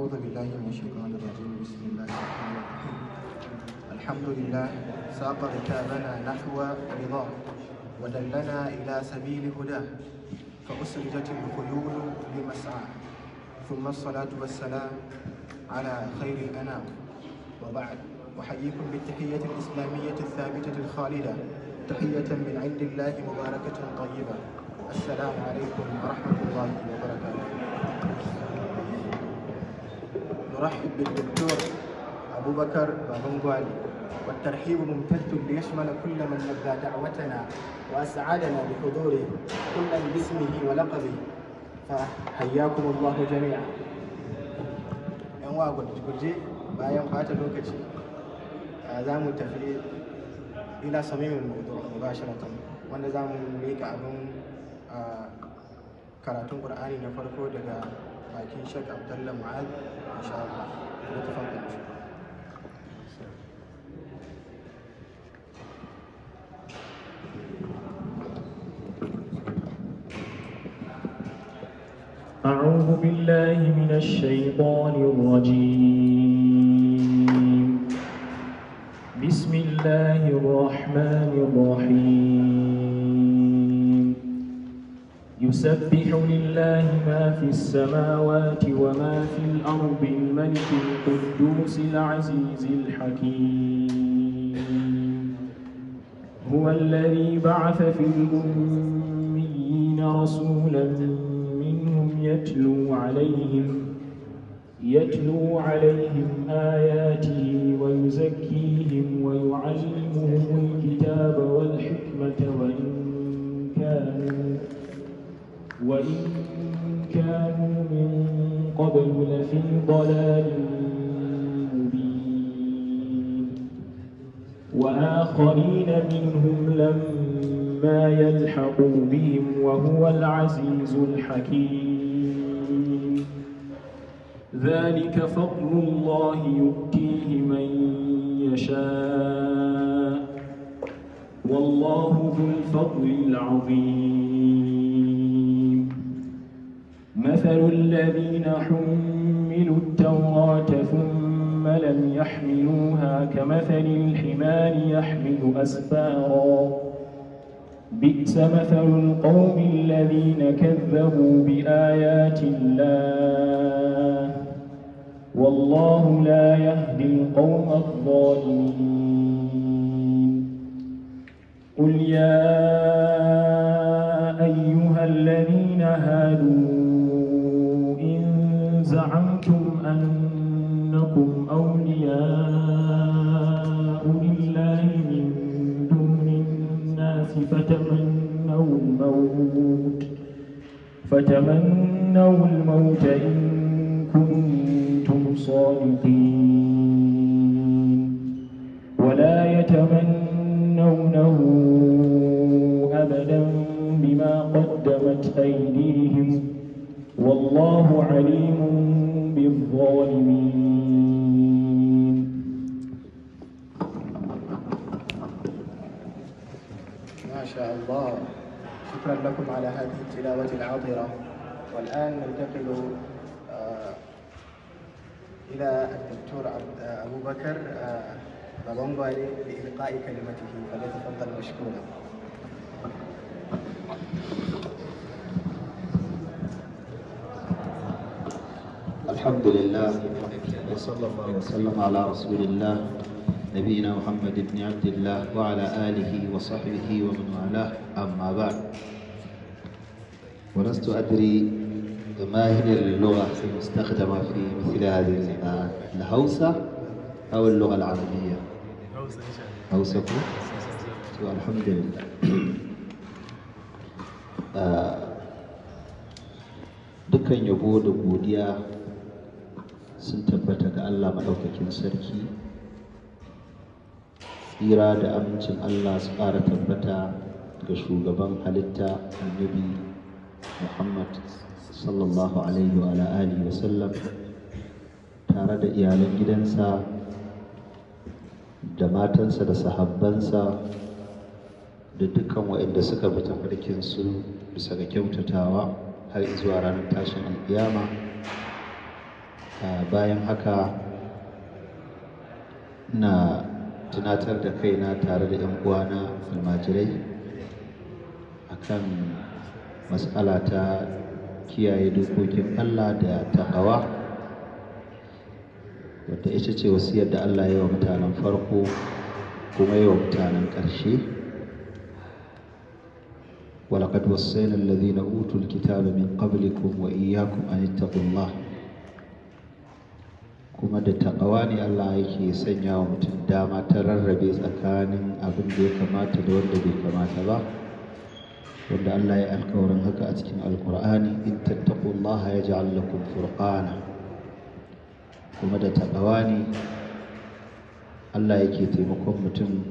أعوذ بالله من الشيطان الرجيم بسم الله الرحمن الرحيم الحمد لله ساق كتابنا نحو رضاه ودلنا إلى سبيل هداه فأسرجت الخيول لمسعى ثم الصلاة والسلام على خير الأنام وبعد أحييكم بالتحية الإسلامية الثابتة الخالدة تحية من عند الله مباركة طيبة السلام عليكم ورحمة الله وبركاته نرحب بالدكتور ابو بكر بابنغوالي والترحيب ممتد ليشمل كل من نبى دعوتنا واسعدنا بحضوره كلا باسمه ولقبه فحياكم الله جميعا. انواع قلت جي بايام فات لوكتشي زامو تفريد الى صميم الموضوع مباشره وانا زامو ميك ابون آه، كراتون قراني نفرقو دقا لكن شيخ عبد الله معاذ ان شاء الله تفضل ان شاء الله أعوذ بالله من الشيطان الرجيم بسم الله الرحمن الرحيم يسبح لله ما في السماوات وما في الأرض الملك القدوس العزيز الحكيم هو الذي بعث في الأميين رسولا منهم يتلو عليهم يتلو عليهم آياته ويزكيهم ويعلمهم الكتاب والحكم وإن كانوا من قبل لفي ضلال مبين وآخرين منهم لما يلحقوا بهم وهو العزيز الحكيم ذلك فضل الله يؤتيه من يشاء والله ذو الفضل العظيم مثل الذين حملوا التوراة ثم لم يحملوها كمثل الحمار يحمل أسفارا بئس مثل القوم الذين كذبوا بآيات الله والله لا يهدي القوم الظالمين قل يا أيها الذين هادوا الموت فتمنوا الموت إن كنتم صادقين ولا يتمنونه أبدا بما قدمت أيديهم والله عليم بالظالمين ما شاء الله شكرا لكم على هذه التلاوة العاطرة والآن ننتقل آه، إلى الدكتور أبو بكر بابونغوالي آه، لإلقاء كلمته فليتفضل مشكورا الحمد لله وصلى الله وسلم على رسول الله نبينا محمد بن عبد الله وعلى آله وصحبه ومن والاه أما بعد ولست أدري ما هي اللغة المستخدمة في مثل هذه الجماعات الهوسة أو اللغة العربية هوسة الحمد لله dukkan yabo da godiya sun tabbata ga Hira da amincin Allah su ƙara tabbata ga shugaban halitta annabi Muhammad sallallahu alaihi wa alihi wa sallam tare da iyalan gidansa da matansa da sahabbansa da dukkan waɗanda suka bi tafarkin su bisa ga kyautatawa har zuwa ranar tashin alƙiyama bayan haka na tunatar da kaina tare da 'yan uwana almajirai akan matsala ta kiyaye dokokin Allah da takawa wadda ita ce wasiyar da Allah ya yi wa mutanen farko kuma ya yi wa mutanen ƙarshe ولقد وصينا الذين أوتوا الكتاب من قبلكم وإياكم أن اتقوا الله kuma da taƙawa ne Allah yake sanya wa mutum dama ta rarrabe tsakanin abin da ya kamata da wanda bai kamata ba wanda Allah ya alkawarin haka a cikin alkur'ani in tattaqullaha yaj'al lakum furqana kuma da taƙawa ne Allah yake taimakon mutum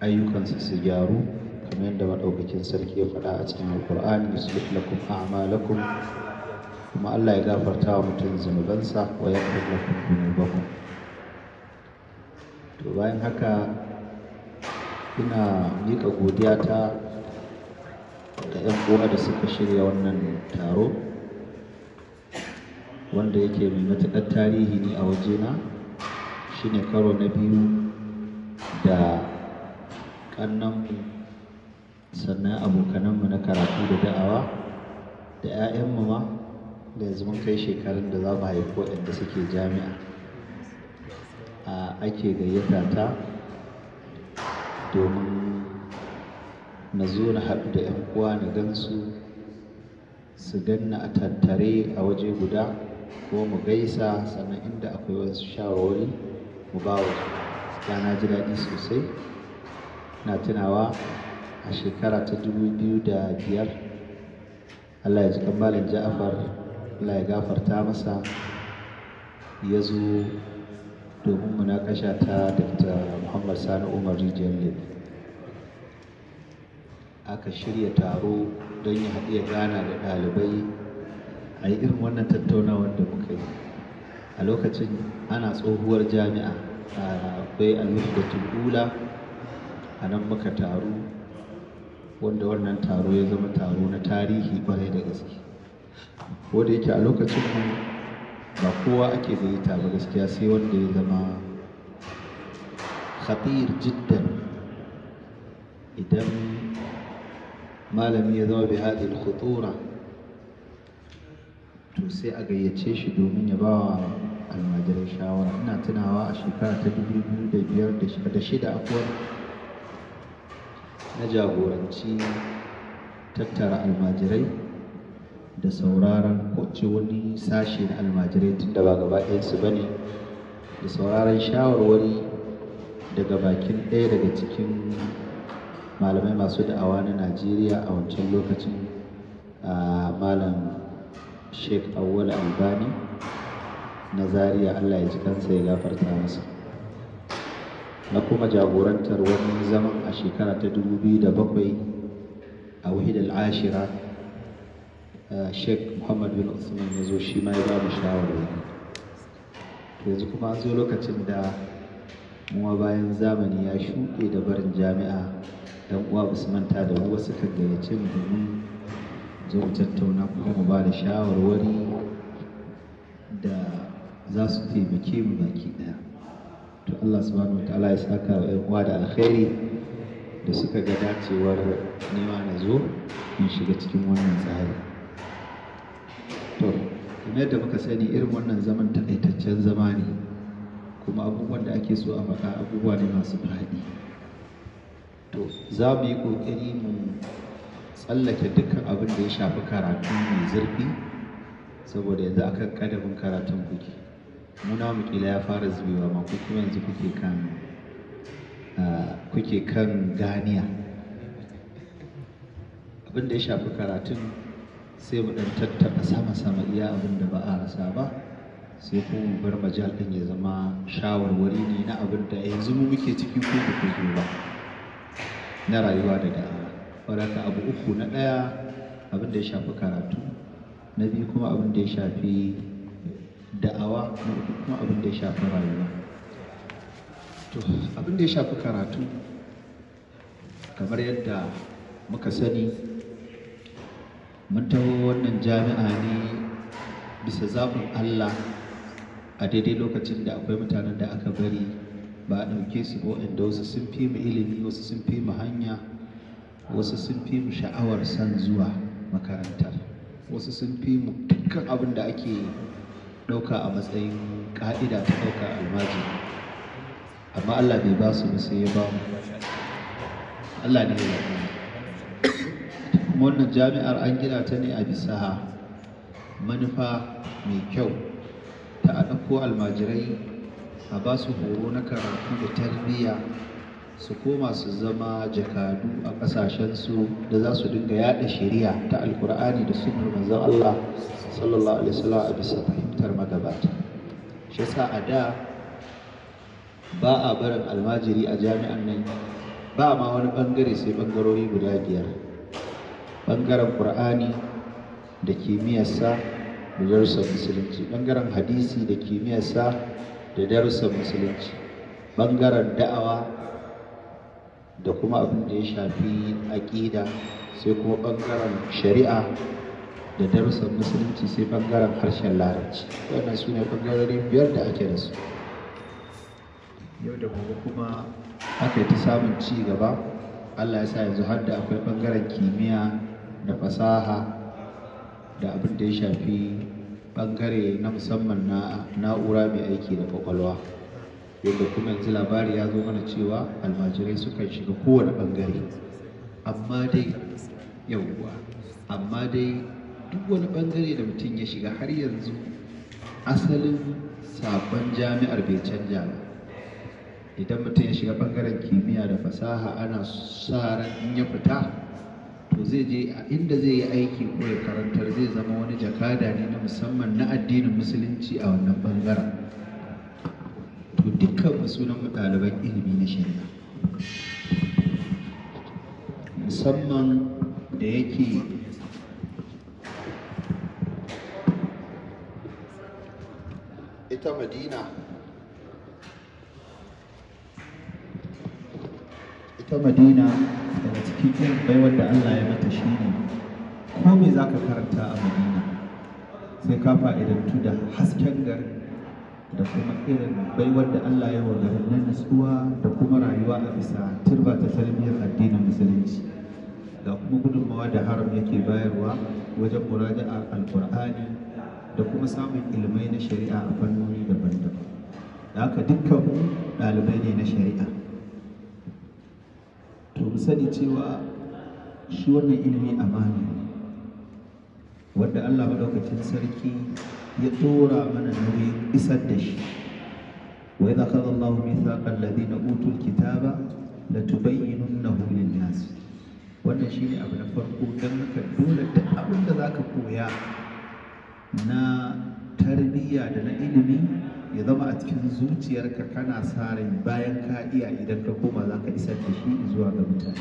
ayyukansa su gyaru kamar yadda maɗaukakin sarki ya faɗa a cikin alkur'ani yuslih lakum a'malakum kuma Allah ya gafarta wa mutum zunubansa wa ya kuma baku. to bayan haka ina miƙa godiya ta da 'yan uwa da suka shirya wannan taro wanda yake mai matuƙar tarihi ne a wajena shine karo na biyu da ƙannanmu sannan abokananmu na karatu da da'awa da 'ya'yanmu ma da yanzu mun kai shekarun da za mu haifi waɗanda suke jami'a a ake gayyata ta domin na zo na haɗu da 'yan uwa na gansu su ganna a tattare a waje guda ko mu gaisa sannan inda akwai wasu shawarwari mu ba wa na ji daɗi sosai na tunawa a shekara ta dubu biyu da biyar Allah ya ji kan Malam Ja'afar Allah ya gafarta masa ya zo domin munakasha ta Dr. Muhammad Sani Umar Rijiyar aka shirya taro don ya haɗe gana da ɗalibai a yi irin wannan tattaunawar da muka yi a lokacin ana tsohuwar jami'a a akwai alwuri da tulula a nan muka taro. wanda wannan taro ya zama taro na tarihi kwarai da gaske Ko da yake a lokacin mu ba kowa ake gayyata ba gaskiya sai wanda ya zama khatir jiddan idan malami ya zama bi hadhihi khutura to sai a gayyace shi domin ya bawa almajirai shawara ina tunawa a shekara ta dubu da biyar da shida akwai na jagoranci tattara almajirai da sauraron kowace wani sashe na almajirai tun da ba gaba ɗayansu ba ne da sauraron shawarwari daga bakin ɗaya daga cikin malamai masu da'awa na najeriya a wancan lokacin a malam sheik awwal albani na zariya allah ya ji kansa ya gafarta masa na kuma jagorantar wani zaman a shekara ta 2007 a wahid ashira. Eh, sheikh muhammad bin usman ya zo shi ma ya ba mu shawarwari yanzu kuma an zo lokacin da kuma bayan zamani ya shuɗe da barin jami'a dan uwa usman ta da wasu kan gayyace mu domin zo mu tattauna kuma mu ba da shawarwari da za su taimake mu baki ɗaya to allah subhanahu wataala ya saka wa uwa da alkhairi da suka ga dacewar nema na zo mun shiga cikin wannan tsari to kuma da muka sani irin wannan zaman takaitaccen zama ne kuma abubuwan da ake so a faɗa abubuwa ne masu faɗi to za mu yi ƙoƙari mu tsallake dukkan abin da ya shafi karatu mai zurfi saboda yanzu akan ƙadamin karatun kuke muna mukila ya fara zubewa ma ku kuma yanzu kuke kan kuke kan ganiya abin da ya shafi karatun sai mu ɗan tattaka sama-sama iya abin da ba a rasa ba sai kuma mu bar majal ɗin ya zama shawarwari ne na abin da yanzu mu muke ciki ko ba ku zo ba na rayuwa da da'awa wadaka abu uku na ɗaya abin da ya shafi karatu na biyu kuma abin da ya shafi da'awa na uku kuma abin da ya shafi rayuwa to abin da ya shafi karatu kamar yadda muka sani mun taho wannan jami'a ne bisa zaɓin Allah a daidai lokacin da akwai mutanen da aka bari ba a ɗauke su ko inda wasu sun fi mu ilimi wasu sun fi mu hanya wasu sun fi mu sha'awar son zuwa makarantar wasu sun fi mu dukkan abin da ake ɗauka a matsayin ƙa'ida ta ɗauka almajiri amma Allah bai ba su ba sai ya ba mu Allah ne ya wannan jami'ar an gina ta ne a bisa manufa mai kyau ta a ɗauko almajirai a ba su horo na karatu da tarbiyya su koma su zama jakadu a ƙasashensu da za su dinga yada shari'a ta alkur'ani da sunan manzon Allah sallallahu alaihi wasallam a bisa fahimtar magabata shi yasa a da ba a barin almajiri a jami'an nan ba ma wani bangare sai bangarori guda biyar ɓangaren ƙur'ani da kimiyyarsa da darussan musulunci ɓangaren hadisi da kimiyyarsa da darussan musulunci ɓangaren da'awa da kuma abin da ya shafi aƙida sai kuma ɓangaren shari'a da darussan musulunci sai ɓangaren harshen larabci waɗannan su ne ɓangarori biyar da ake da su yau da gobe kuma aka yi ta samun ci gaba allah ya sa yanzu har da akwai ɓangaren kimiyya da fasaha da abin da ya shafi bangare na musamman na na'ura mai aiki da kwakwalwa yadda kuma yanzu labari ya zo mana cewa almajirai sukan shiga kowane bangare amma dai yauwa amma dai duk wani bangare da mutum ya shiga har yanzu asalin sabon jami'ar bai canja ba idan mutum ya shiga bangaren kimiyya da fasaha ana sa ran in ya fita to zai je a inda zai yi aiki ko ya karantar zai zama wani jakada ne na musamman na addinin musulunci a wannan bangaren to dukkan sunan mu ɗaliban ilimi na shari'a musamman da yake ita madina Ta madina daga cikin irin baiwar da Allah ya mata shi ne ko me za ka karanta a madina sai ka fa'idantu da hasken garin da kuma irin baiwar da Allah ya wa garin na nutsuwa da kuma rayuwa a bisa turba ta tarbiyyar addinin musulunci ga kuma gudunmawa da haram yake bayarwa wajen a alkur'ani da kuma samun ilmai na shari'a a fannoni daban-daban da haka dukkan ɗalibai ne na shari'a mu sani cewa shi wannan ilimi amana ne wanda Allah madaukakin sarki ya tura mana nauyin isar da shi wa idza qala Allahu mithaqa alladhina utul kitaba latubayyinunnahu lin-nas wannan shine abu na farko dan haka dole duk abin da zaka koya na tarbiyya da na ilimi ya zama a cikin zuciyarka kana sa rai bayan ka iya idan ka koma za ka isa da shi zuwa ga mutane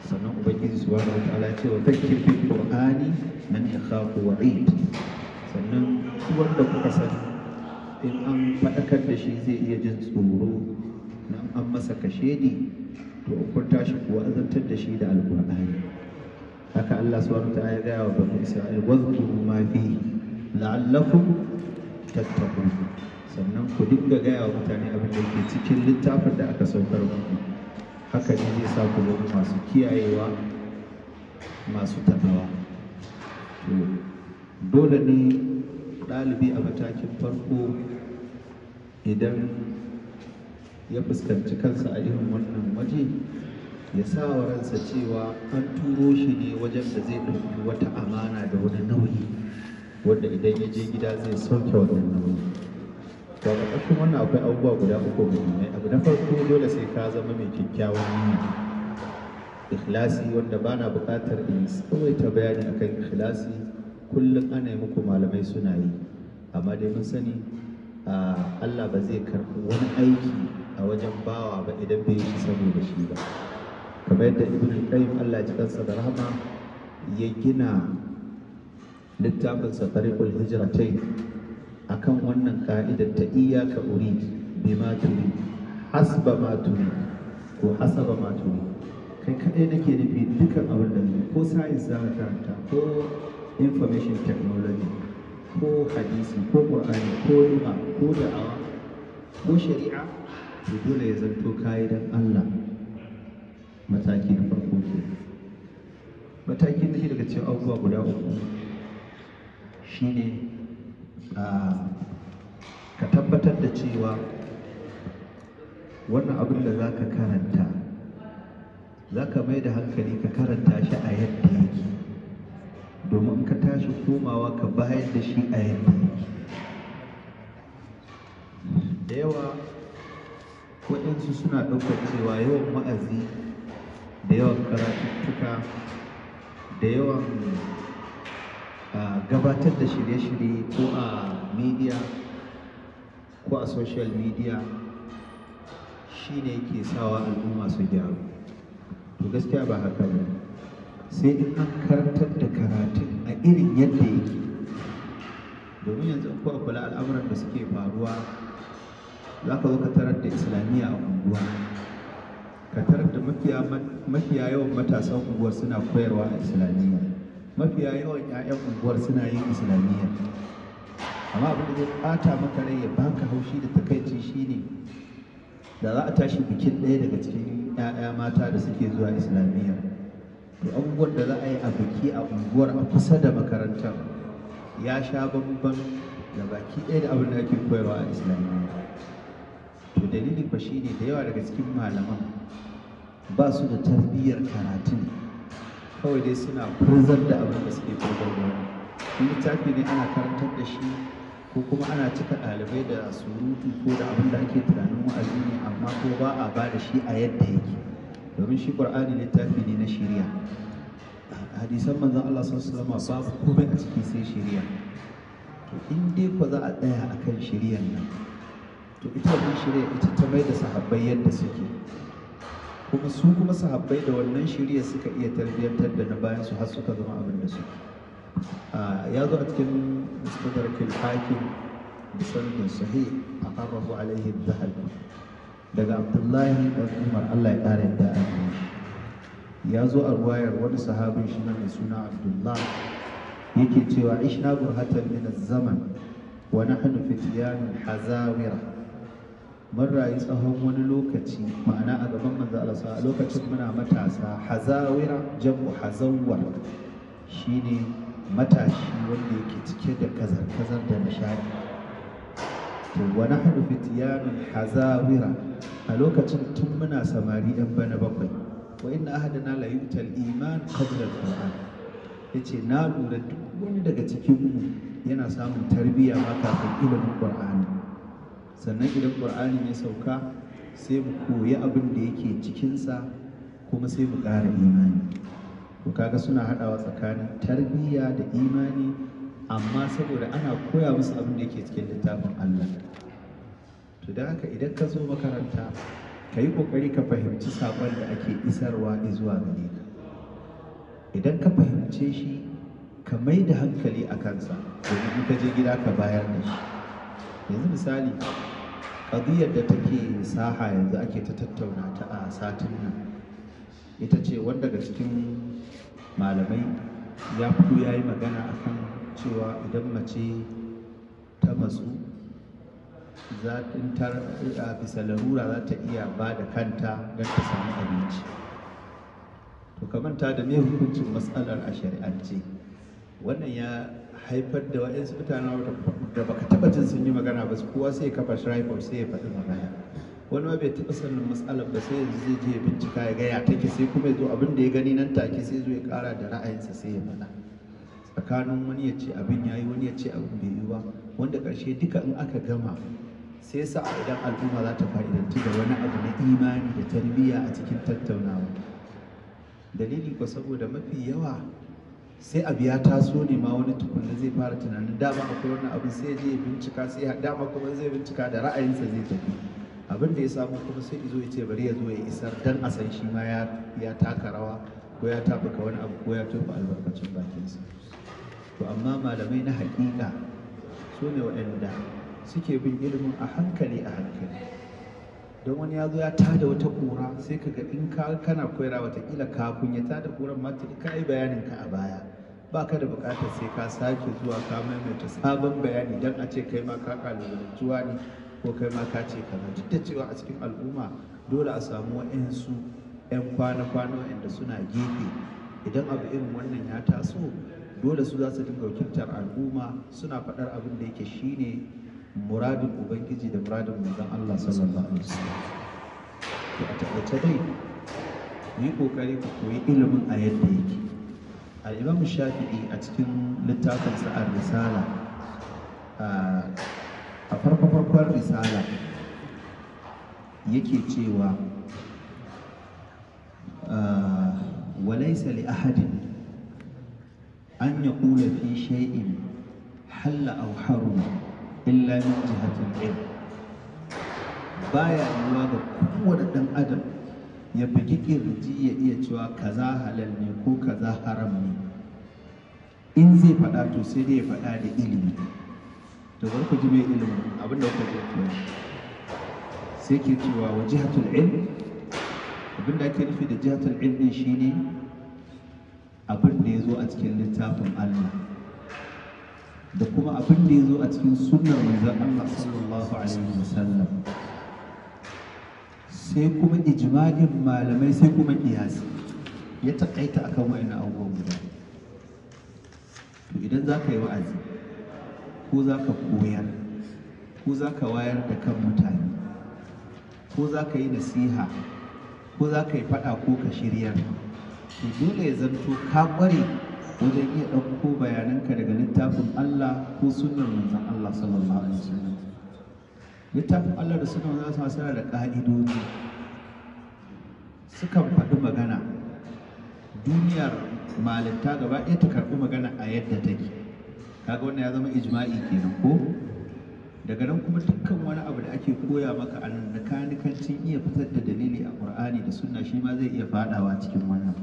sannan ubangiji subhanahu da ta'ala ce wa fakkir bil qur'ani man yakhafu wa'id sannan shi wanda kuka sani in an faɗakar da shi zai iya jin tsoro nan an masa kashe ne, to kun tashi kuwa azantar da shi da alqur'ani haka Allah subhanahu ta'ala ya gaya wa bani isra'il wazkuru ma fi la'allakum tattakun sannan ku dinga gaya wa mutane abin da yake cikin littafin da aka saukar muku haka ne zai sa ku zama masu kiyayewa masu takawa dole ne ɗalibi a matakin farko idan ya fuskanci kansa a irin wannan waje ya sa wa ransa cewa an turo shi ne wajen da zai ɗauki wata amana da wani nauyi wanda idan ya je gida zai sauke wannan nauyi to a ƙarƙashin wannan akwai abubuwa guda uku muhimmai abu na farko dole sai ka zama mai kyakkyawan niyya ikhlasi wanda ba na buƙatar in tsawaita bayani akan ikhlasi kullum ana yi muku malamai suna yi amma dai mun sani Allah ba zai karɓi wani aiki a wajen bawa ba idan bai yi saboda shi ba kamar yadda ibn qayyim Allah ya ji kansa da rahama ya gina littafin sa yi a akan wannan ka'idar ta uri bi ma turi, hasba ma turi ko hasaba ma turi. kai kadai nake nufi dukkan abin da ko science za karanta ko information technology ko hadisi ko qur'ani ko lima ko da'awa ko shari'a to dole ya zanto ka'idar Allah mataki na farko ke mataki na daga cikin abubuwa guda uku shine ka tabbatar da cewa wannan abin da za ka karanta za ka mai da hankali ka karanta shi a yadda yake domin ka tashi komawa ka bayar da shi a yadda yake da yawa waɗansu suna ɗaukar cewa yawan ma'azi, da yawan karatuttuka da yawan gabatar da shirye-shirye ko a media ko a social media shi ne ke sawa al'umma su gyaru to gaskiya ba haka ba sai in an karantar da karatun a irin yadda yake domin yanzu ko a kula al'amuran da suke faruwa za ka zo ka tarar da islamiyya a unguwa ka tarar da mafiya yawan matasan unguwar suna koyarwa a islamiyya mafiya yawan 'ya'yan unguwar suna yin islamiyya amma abin da zai bata maka rai ya baka haushi da takaici shine da za a tashi bikin ɗaya daga cikin 'ya'ya mata da suke zuwa islamiyya to abubuwan da za a yi a biki a unguwar a kusa da makarantar ya sha bambam da baki ɗaya da abin da ake koyarwa a islamiyya to dalilin ba shine da yawa daga cikin malaman ba su da tarbiyyar karatun kawai dai suna furzar da abin da suke furzarwa shi littafi ne ana karantar da shi ko kuma ana cika ɗalibai da surutu ko da abin da ake tunanin wa'azi ne amma ko ba a ba da shi a yadda yake domin shi ƙur'ani littafi ne na shirya hadisan manzon Allah sallallahu alaihi wasallam babu komai a ciki sai shirya to in dai ko za a tsaya akan shiryan nan to ita wannan shirya ita ta mai da sahabbai yadda suke kuma su kuma sahabbai da wannan shirya suka iya tarbiyyantar da na bayan su har suka zama abin da su ya zo a cikin mustadarkin hakim da sanin sahi a karrafu alaihi dahal daga abdullahi dan umar allah ya ƙara yadda a ya zo a ruwayar wani sahabin shi mai suna abdullah yake cewa ishna burhatan min zaman wa nahnu fitiyanin hazawira mun rayu tsawon wani lokaci ma'ana a gaban manzo Allah sa lokacin muna matasa hazawira jam'u hazawwa shine matashi wanda yake cike da kazar-kazar da nishadi to wani fi fitiyanun hazawira a lokacin tun muna samari yan bana bakwai wa inna ahadana la yutal iman qabla al-qur'an yace na lura duk wani daga cikin mu yana samun tarbiyya ma kafin ilimin qur'ani sannan idan ƙur'ani ya sauka sai mu koyi abin da yake cikinsa kuma sai mu ƙara imani Ku kaga suna haɗawa tsakanin tarbiyya da imani amma saboda ana koya musu abin da yake cikin littafin Allah to da haka idan ka zo makaranta ka yi ƙoƙari ka fahimci saƙon da ake isarwa zuwa gare ka idan ka fahimce shi ka mai da hankali a kansa domin in ka je gida ka bayar da shi yanzu misali ƙadiyar da take saha yanzu ake ta tattauna ta a satin nan ita ce wanda ga cikin malamai ya fito ya yi magana kan cewa idan mace ta matsu za a bisa larura za ta iya ba da kanta don ta samu abinci to kamanta da me hukuncin matsalar a shari'ance wannan ya haifar da wa'insu mutane da baka taba jin sun yi magana ba su kowa sai ya kafa shiraifar sai ya faɗi magana wani ma bai taɓa sanin matsalar ba sai yanzu zai je ya bincika ya gaya take sai kuma ya zo abin da ya gani nan take sai zo ya ƙara da ra'ayinsa sai ya faɗa tsakanin wani ya ce abin ya yi wani ya ce abin bai yi ba wanda ƙarshe duka in aka gama sai sa a idan al'umma za ta fa'idanci da wani abu na imani da tarbiyya a cikin tattaunawa dalili ko saboda mafi yawa sai abu ya taso ne ma wani tukunna zai fara tunanin dama akwai wani abin sai je ya bincika sai ya dama kuma zai bincika da ra'ayinsa zai tafi abin da ya samu kuma sai izo ya ce bari ya zo ya isar dan a san shi ma ya taka rawa ko ya tabuka wani abu ko ya tofa albarkacin bakinsa to amma malamai na hakika su ne waɗanda suke bin ilimin a hankali a hankali don wani ya zo ya tada wata ƙura sai ka ga in kana koyara watakila kafin ya tada ƙuran ma ta ka yi bayanin ka a baya baka da bukatar sai ka sake zuwa ka maimaita sabon bayani don a ce kai ma ka kalubalantuwa ne ko kai ma ka ce kaza duk da cewa a cikin al'umma dole a samu wa'insu 'yan kwana-kwana wa'inda suna gefe idan abu irin wannan ya taso dole su za su dinga wakiltar al'umma suna faɗar abin da yake shine muradin ubangiji da muradin manzon Allah sallallahu alaihi wasallam to a dai yi kokari ku koyi ilimin a yadda yake al'imam shafi'i a cikin littafinsa a risala a farko-farkon risala yake cewa walaisa li ahadin an ya kula fi shay'in halla au haru illa min jihatil ilm baya yiwa ga kowane ɗan adam ya bugi kirji ya iya cewa kaza halal ne ko kaza haram ne in zai faɗa to sai dai ya faɗa da ilimi da bar ku ji mai ilimi abin da kuka ji sai ke cewa wa jihatul ilm abin da ake nufi da jihatul ilm din shine abin da ya zo a cikin littafin Allah da kuma abin da ya zo a cikin sunnar manzon Allah sallallahu alaihi wasallam sai kuma ijma'in malamai sai kuma kiyasi ya taƙaita akan wani abubuwan guda to idan za ka yi wa'azi ko za ka koyar ko za ka wayar da kan mutane ko za ka yi nasiha ko za ka yi faɗa ko ka shiryar to dole ya zanto ka ƙware wajen iya ɗauko bayananka daga littafin Allah ko sunan manzon Allah sallallahu alaihi wasallam littafin Allah da suna za su masana da ƙa'idoji sukan faɗi magana duniyar malinta gaba ɗaya ta karɓi magana a yadda take kaga wannan ya zama ijma'i kenan ko daga nan kuma dukkan wani abu da ake koya maka a nan mekanikancin iya fitar da dalili a ƙur'ani da sunna shi ma zai iya faɗawa cikin wannan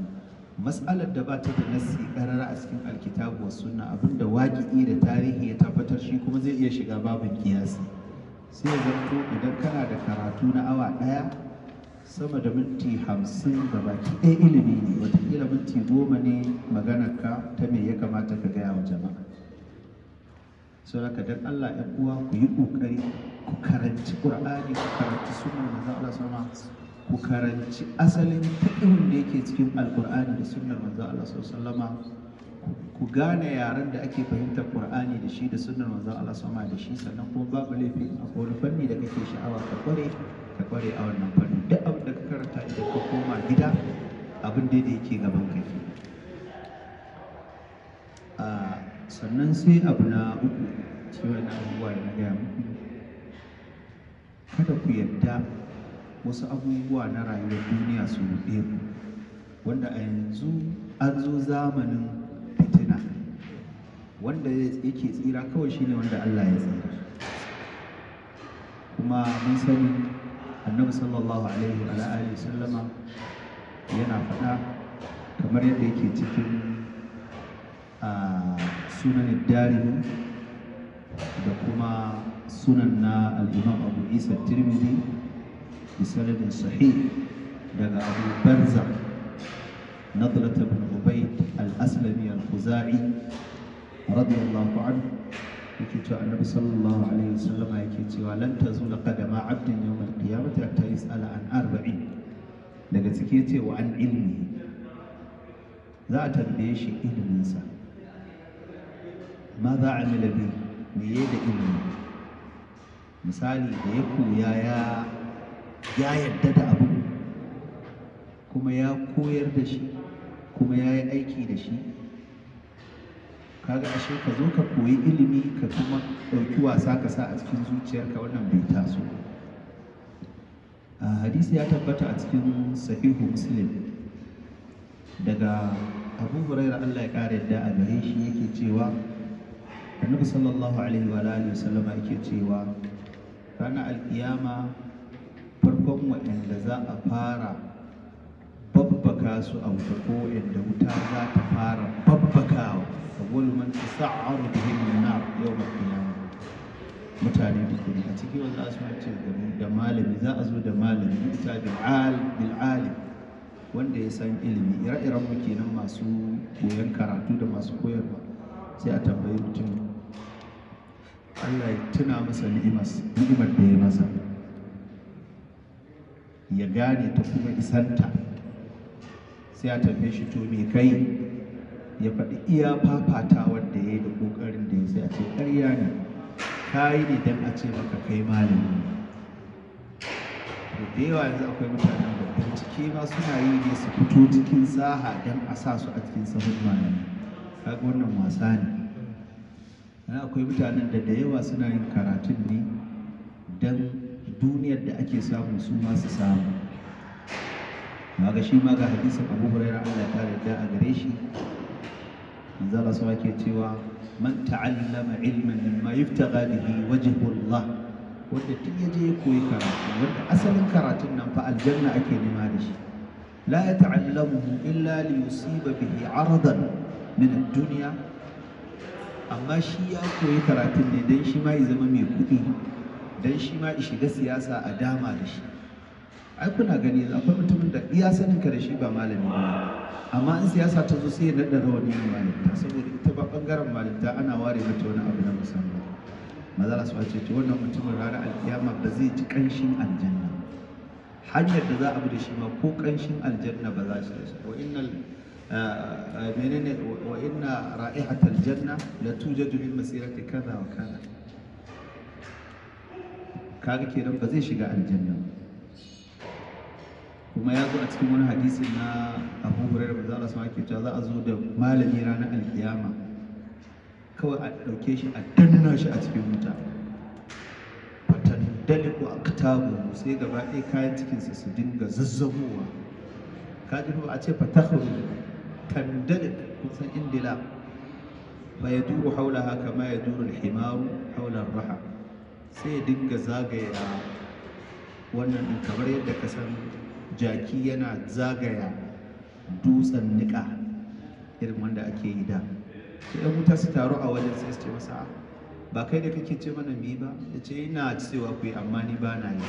mas'alar da ba ta da nassi ƙarara a cikin alkitabu wa sunna abinda waƙi'i da tarihi ya tabbatar shi kuma zai iya shiga babin kiyasi sai zanto idan kana da karatu na awa ɗaya sama da minti hamsin da baki ɗaya ilimi ne watakila minti goma ne maganarka ta me ya kamata ka gaya wa jama'a sau haka don allah ya uwa ku yi ƙoƙari ku karanci ƙur'ani ku karanci sunan manzan allah sama ku karanci asalin fiƙihun da yake cikin alƙur'ani da sunan manzan allah sallama ku gane yaren da ake fahimtar Qur'ani da shi da sunnar manzon Allah sama da shi sannan kuma babu laifi a wani fanni da kake sha'awa ka kware ka kware a wannan fanni duk abin da ka karanta idan ka koma gida abin da yake gaban ka ke a sannan sai abu na uku shi wannan abubuwa da na gaya muku kada ku yarda wasu abubuwa na rayuwar duniya su ruɗe ku wanda a yanzu an zo zamanin fitina wanda yake tsira kawai shine wanda Allah ya tsira kuma mun sani annabi sallallahu alaihi wa alihi sallama yana faɗa kamar yadda yake cikin sunan darimi da kuma sunan na al-imam abu isa tirmidhi bi sahih daga abu barzakh نضلة بن عبيد الأسلمي الخزاعي رضي الله عنه يكتب النبي صلى الله عليه وسلم يكتب لن تزول قدم عبد يوم القيامة حتى يسأل عن أربعين لقد يكتب وعن علمه ذات البيش علم إنسان ماذا عمل به ميد علمه misali da ya koya ya yadda da abu kuma ya koyar da shi kuma ya yi aiki da shi kaga ashe ka zo ka koyi ilimi ka kuma ɗauki wasa ka sa a cikin zuciyarka wannan bai taso a hadisi ya tabbata a cikin sahihu muslim daga abu huraira allah ya ƙara yadda a gare shi yake cewa annabi sallallahu alaihi wa alihi sallama yake cewa ranar alkiyama farkon waɗanda za a fara babbaka su a wuta ko yadda wuta za ta fara babbakawa a gulman ta sa'aru da yin na yau ba kiyama mutane da kuri a cikin wanda su ce da malami za a zo da malami ita bil wanda ya san ilimi ire-iren mu kenan masu koyon karatu da masu koyarwa sai a tambayi mutum Allah ya tuna masa ni'imar da ya masa ya gane ta kuma isanta sai a tambaye shi to me kai ya faɗi iya fafata wanda ya yi da ƙoƙarin da ya sai a ce ƙarya ne ka yi ne don a ce maka kai malami to da yawa yanzu akwai mutanen da bincike ma suna yi ne su fito cikin saha don a sa su a cikin sahun malami kaga wannan wasa ne ana akwai mutanen da da yawa suna yin karatun ne don duniyar da ake samu su masu samu ba ga shi ma ga hadisin abu huraira allah ta yarda a gare shi manzo Allah sama ke cewa man ta'allama ilman mimma yuftaga bihi wajhullah wanda duk ya je koyi karatu wanda asalin karatun nan fa aljanna ake nema da shi la yata'allamuhu illa li yusiba bihi aradan min ad-dunya amma shi ya koyi karatun ne dan shi ma ya zama mai kuɗi dan shi ma ya shiga siyasa a dama da shi ai kuna gani akwai mutumin da iya sanin ka da shi ba malami ba amma in siyasa ta zo sai ya nada rawani ne malinta saboda ita ba bangaren malinta ana ware mata wani abu na musamman maza su ce to wannan mutumin ranar alkiyama ba zai ji kanshin aljanna hanyar da za a bi da shi ma ko kanshin aljanna ba za shi rasa wa innal menene wa inna ra'ihat janna la tujadu min masirati kaza wa kaza kaga kenan ba zai shiga aljanna ba kuma ya zo a cikin wani hadisi na abu hurairar da zala sama ke cewa za a zo da malami ranar alkiyama kawai a ɗauke shi a danna shi a cikin wuta fatan ko a kitabu sai gaba ɗaya kayan cikinsa su dinga zazzabowa ka ji a ce fatahuru tandali kusan san indila fa ya duru haula haka ma ya duru himaru haular raha sai ya dinga zagaya wannan kamar yadda ka san jaki yana zagaya dutsen niƙa irin wanda ake yi da ta yan wuta su taru a wajen sai su ce masa ba kai da kake ce mana mu ba ya ce ina cewa ku yi amma ni ba na yi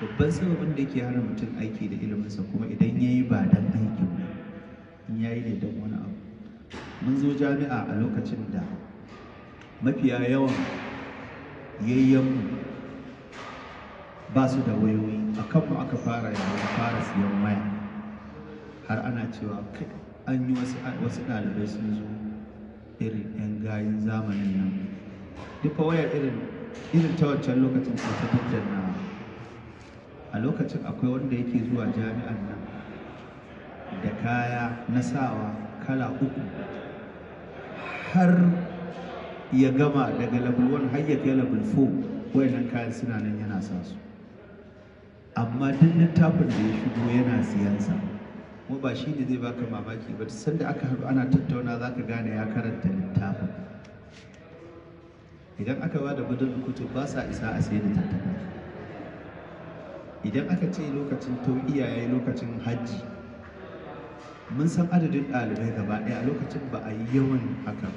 babban sababin da yake hana mutum aiki da iliminsa kuma idan ya yi ba don aikin in ya yi ne don wani abu mun zo jami'a a lokacin da mafiya yawan yayyanmu ba su da wayoyi a kanmu aka fara yawon fara siyan waya har ana cewa an yi wasu ɗalibai sun zo irin 'yan gayin zamanin nan duka wayar irin irin ta wancan lokacin ce ta daddana a lokacin akwai wanda yake zuwa jami'an nan da kaya na sawa kala uku har ya gama daga level 1 har ya kai fo. 4 wayannan kayan suna nan yana sa su amma duk littafin da ya shigo yana siyansa kuma ba shi ne zai baka mamaki ba sanda aka haɗu ana tattauna za ka gane ya karanta littafin idan aka ba da badal kutub ba sa isa a da littattafai idan aka ce lokacin to iyaye lokacin hajji mun san adadin ɗalibai gaba ɗaya a lokacin ba a yi yawan haka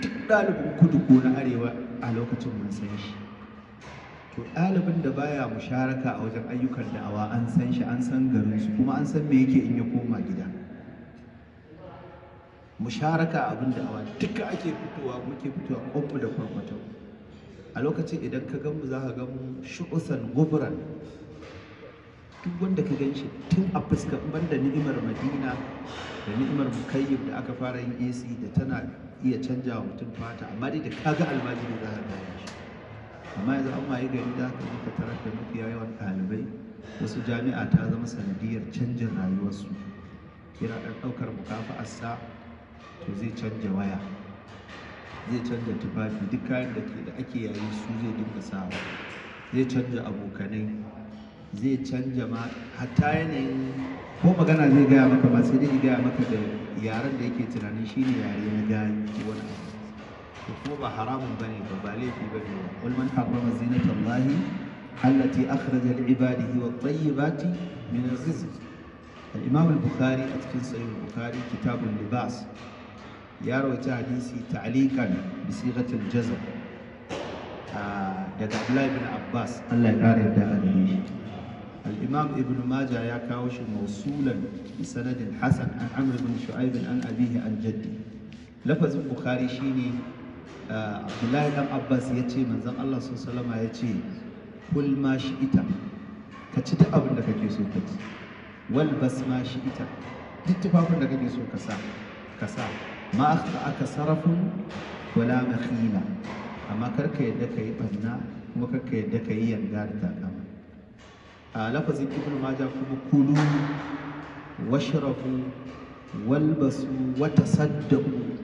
duk ɗalibin kudu ko na arewa a lokacin mun san shi to ɗalibin da baya musharaka a wajen ayyukan da'awa an san shi an san garin su kuma an san me yake in ya koma gida musharaka abin da'awa duka ake fitowa muke fitowa ƙwanmu da kwarkwatau a lokacin idan ka gan mu za ka gan mu shu'usan gubran duk wanda ka gan shi tun a fuska da ni'imar madina da ni'imar mukayyib da aka fara yin ac da tana iya canja mutum fata amma dai da kaga almajiri za ka gane shi amma yanzu an waye gari da aka yi tarar da mafiya yawan ɗalibai wasu jami'a ta zama sanadiyar canjin rayuwarsu yana ɗan ɗaukar mukafa'arsa to zai canja waya zai canja tufafi duk kayan da ke da ake yayi su zai dinga sawa zai canja abokanai zai canja ma hatta yanayin ko magana zai gaya maka ba sai dai gaya maka da yaren da yake tunanin shine yare na gani wani abu خطوبة حرام بني فباليه في بني قل من حرم زينة الله التي أخرج لعباده والطيبات من الرزق الإمام البخاري أتكن صحيح البخاري كتاب اللباس يروي حديثي تعليقا بصيغة الجزم آه، يا Abdullahi بن عباس Allah ya kare da gare Al-Imam Ibn Majah ya kawo shi mausulan bi عن Hasan an Amr bin Shu'aib an Eh, abdullahi dan abbas ya ce manzon allah sallama ya ce kul ma shi ita ka ci duk abin da kake so ka ci wal bas ma shi ita duk tufafin da kake so ka sa ka sa ma aka sarafin wala makhila amma karka yadda ka yi banna kuma karka yadda ka yi yarda da takama a lafazin ibn maja kuma kulu washrafu walbasu watasaddaqu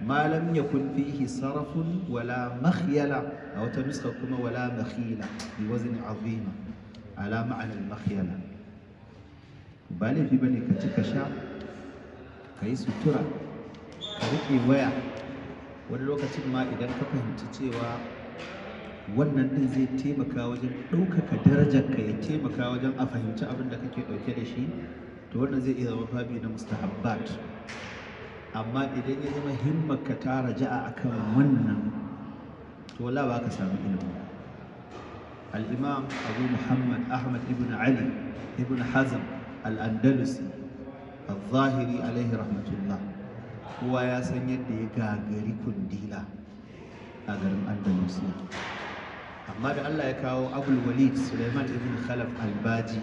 malam ya kun fihi sarafun wala makhyala a wata nuska kuma wala makhila bi wazin azima ala ma'anar makhyala ba laifi ba ne ka ci ka sha ka yi sutura ka riƙe waya wani lokacin ma idan ka fahimci cewa wannan din zai taimaka wajen ɗaukaka ka ya taimaka wajen a fahimci abin da kake ɗauke da shi to wannan zai iya zama fabi na mustahabbat amma idan ya zama himmarka ta raja'a akan wannan to wala ba ka samu ilimi al-imam abu muhammad ahmad ibn ali ibn hazm al-andalusi al-zahiri alaihi rahmatullah kowa ya san yadda ya gagari kundila a garin andalusiya amma da allah ya kawo abul walid suleiman ibn khalaf al-baji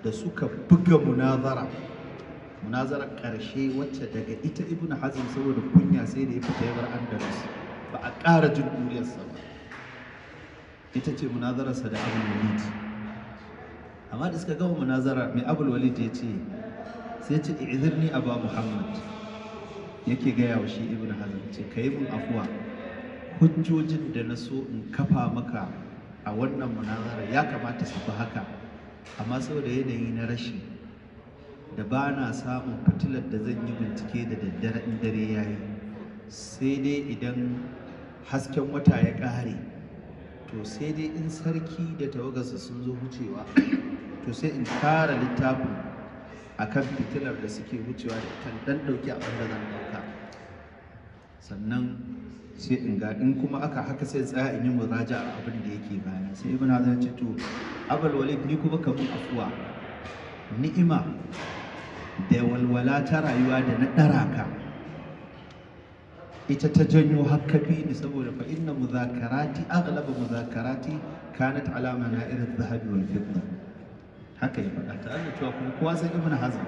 da suka buga munazara munazarar ƙarshe wacce daga ita ibn hazm saboda kunya sai da ya fita ya bar andalus ba a ƙara jin duniyarsa ba ita ce munazararsa da abul walid amma da suka gama munazara mai abul walid ya ce sai ce izirni abu muhammad yake gaya wa shi ibn hazm ce ka yi mun afuwa hujjojin da na so in kafa maka a wannan munazara ya kamata su fi haka amma saboda yanayi na rashi da ba na samun fitilar da zan yi bincike da daddare in dare ya yi sai dai idan hasken wata ya ƙare to sai dai in sarki da tawagarsa sun zo wucewa to sai in fara littafin a kan fitilar da suke wucewa da kan dan ɗauki abin da zan ɗauka sannan sai in ga in kuma aka haka sai tsaya in yi muraja a abin da yake bayan sai ibn hazan ce to abul walid ni kuma kamun afuwa ni'ima da walwala ta rayuwa da na ɗara ka ita ta janyo hakkabi ne saboda fa inna muzakarati aghlaba muzakarati kanat ala mana'ir adh-dhahab wal fidda haka ya faɗa ta Allah cewa kuma kowa san ibnu hazm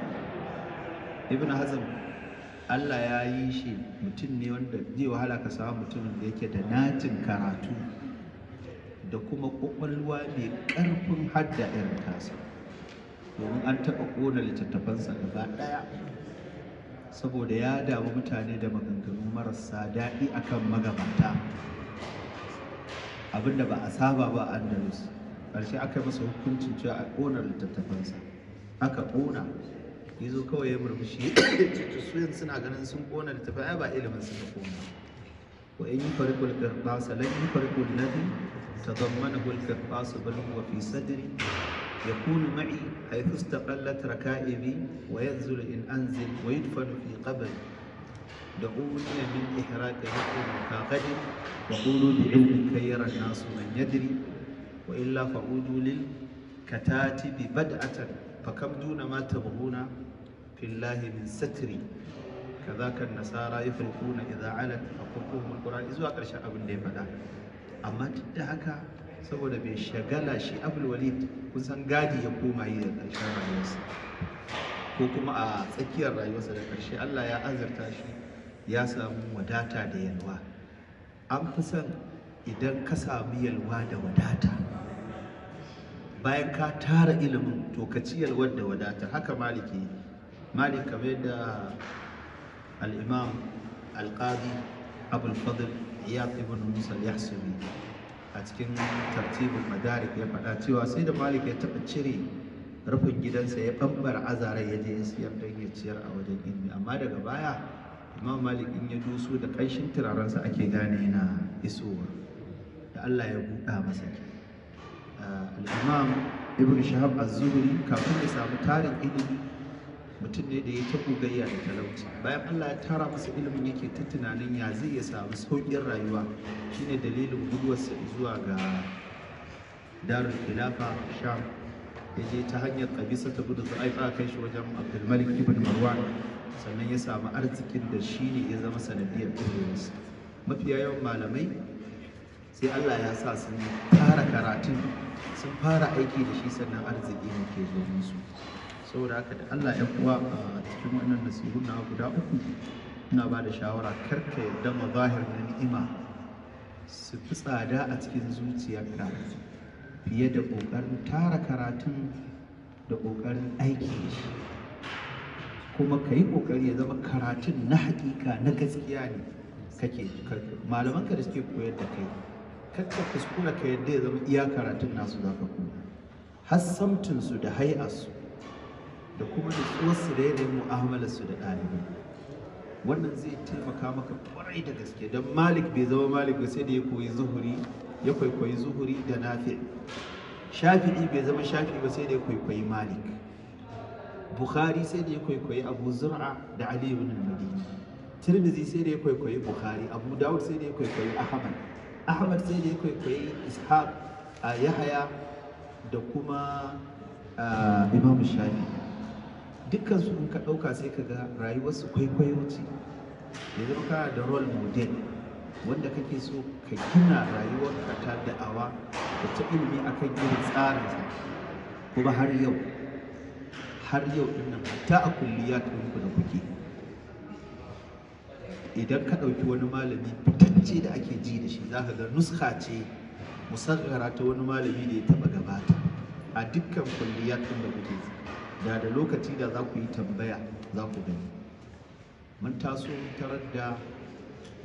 ibnu hazm Allah ya yi shi mutum ne wanda zai wahala ka samu mutumin da yake da natin karatu da kuma kwakwalwa mai ƙarfin hadda irin tasa domin an taɓa ƙona littattafansa gaba ɗaya saboda ya damu mutane da maganganu marasa daɗi akan magabata abinda ba a saba ba a andalus ƙarshe aka yi masa hukuncin cewa a ƙona littattafansa aka ƙona ya zo kawai ya murmushi su suna ganin sun ƙona littattafai ai ba ilimin suka ƙona wa in yi farikul kirɓasa lan yi farikul nadi ta zammana hul kirɓasa bal huwa fi sadri يكون معي حيث استقلت ركائبي وينزل إن أنزل ويدفن في قبر دعوني من إحراق ذكر كغد وقولوا بعلم خير الناس من يدري وإلا فعودوا للكتاتب بدعة فكم دون ما تبغون في الله من ستري كذاك النصارى يفرقون إذا علت فقلتهم القرآن إذا أقرش أبن دي فلا أما تدهك saboda bai shagala shi abul kusan gadi ya koma yi da ƙarshen rayuwarsa ko kuma a tsakiyar rayuwarsa da ƙarshe Allah ya azurta shi ya samu wadata da yalwa an fi son idan ka samu yalwa da wadata bayan ka tara ilimin to ka ci yalwar da wadata haka maliki malik kamar da al-imam al-qadi abul fadl iyad ibn musa yahsubi a cikin tartibin madarik ya faɗa cewa sai da malik ya taɓa cire rufin gidansa ya bambara azara ya je ya siyar don ya ciyar a wajen ilimi amma daga baya imam malik in ya duso da ƙanshin turarensa ake gane yana isowa da allah ya buɗa masa ah, al'imam ibn shahab az-zuhri kafin ya samu tarin ilimi mutum ne da ya ta gogayya da talauci bayan Allah ya tara masa ilimin yake ta tunanin ya zai ya samu sauƙin rayuwa shine dalilin guduwarsa zuwa ga darul khilafa sham ya je ta hanyar kabisa ta gudu ta aifa kai shi wajen abdulmalik ibn marwan sannan ya samu arzikin da shi ne ya zama sanadiyar iliminsa mafiya yawan malamai sai Allah ya sa sun fara karatun sun fara aiki da shi sannan arziki ne ke zo musu saboda haka da Allah ya kuwa a cikin wannan nasihu na guda uku ina ba da shawara karka yadda mazahir na ni'ima su fi tsada a cikin zuciyarka fiye da ƙoƙarin tara karatun da ƙoƙarin aiki kuma ka yi ƙoƙari ya zama karatun na hakika na gaskiya ne kake malamanka da suke koyar da kai kakka kuskura ka yadda ya zama iya karatun nasu za ka koya hassamtinsu da haiasu da kuma nutsuwarsu da yanayin mu'amalarsu da ɗalibi wannan zai taimaka maka kwarai da gaske don malik bai zama malik ba sai da ya koyi zuhuri ya kwaikwayi zuhuri da nafi shafi'i bai zama shafi ba sai da ya kwaikwayi malik bukhari sai da ya kwaikwayi abu zur'a da ali ibn al-madini tirmidhi sai da ya kwaikwayi bukhari abu dawud sai da ya kwaikwayi ahmad ahmad sai da ya kwaikwayi ishaq yahaya da kuma imam shafi'i dukkan su ka ɗauka sai ka ga rayuwarsu kwaikwayo ce ya zama da rol model wanda kake so ka gina rayuwarka ta da'awa da ta ilimi akan tsarin tsarinsa kuma har yau har yau din ta a ta ɗinku da kuke idan ka ɗauki wani malami fitacce da ake ji da shi za ka ga nuska ce musaggara ta wani malami da ya taɓa gabata a dukkan kulliyat ɗin da kuke da da lokaci da za ku yi tambaya za ku gani mun taso tarar da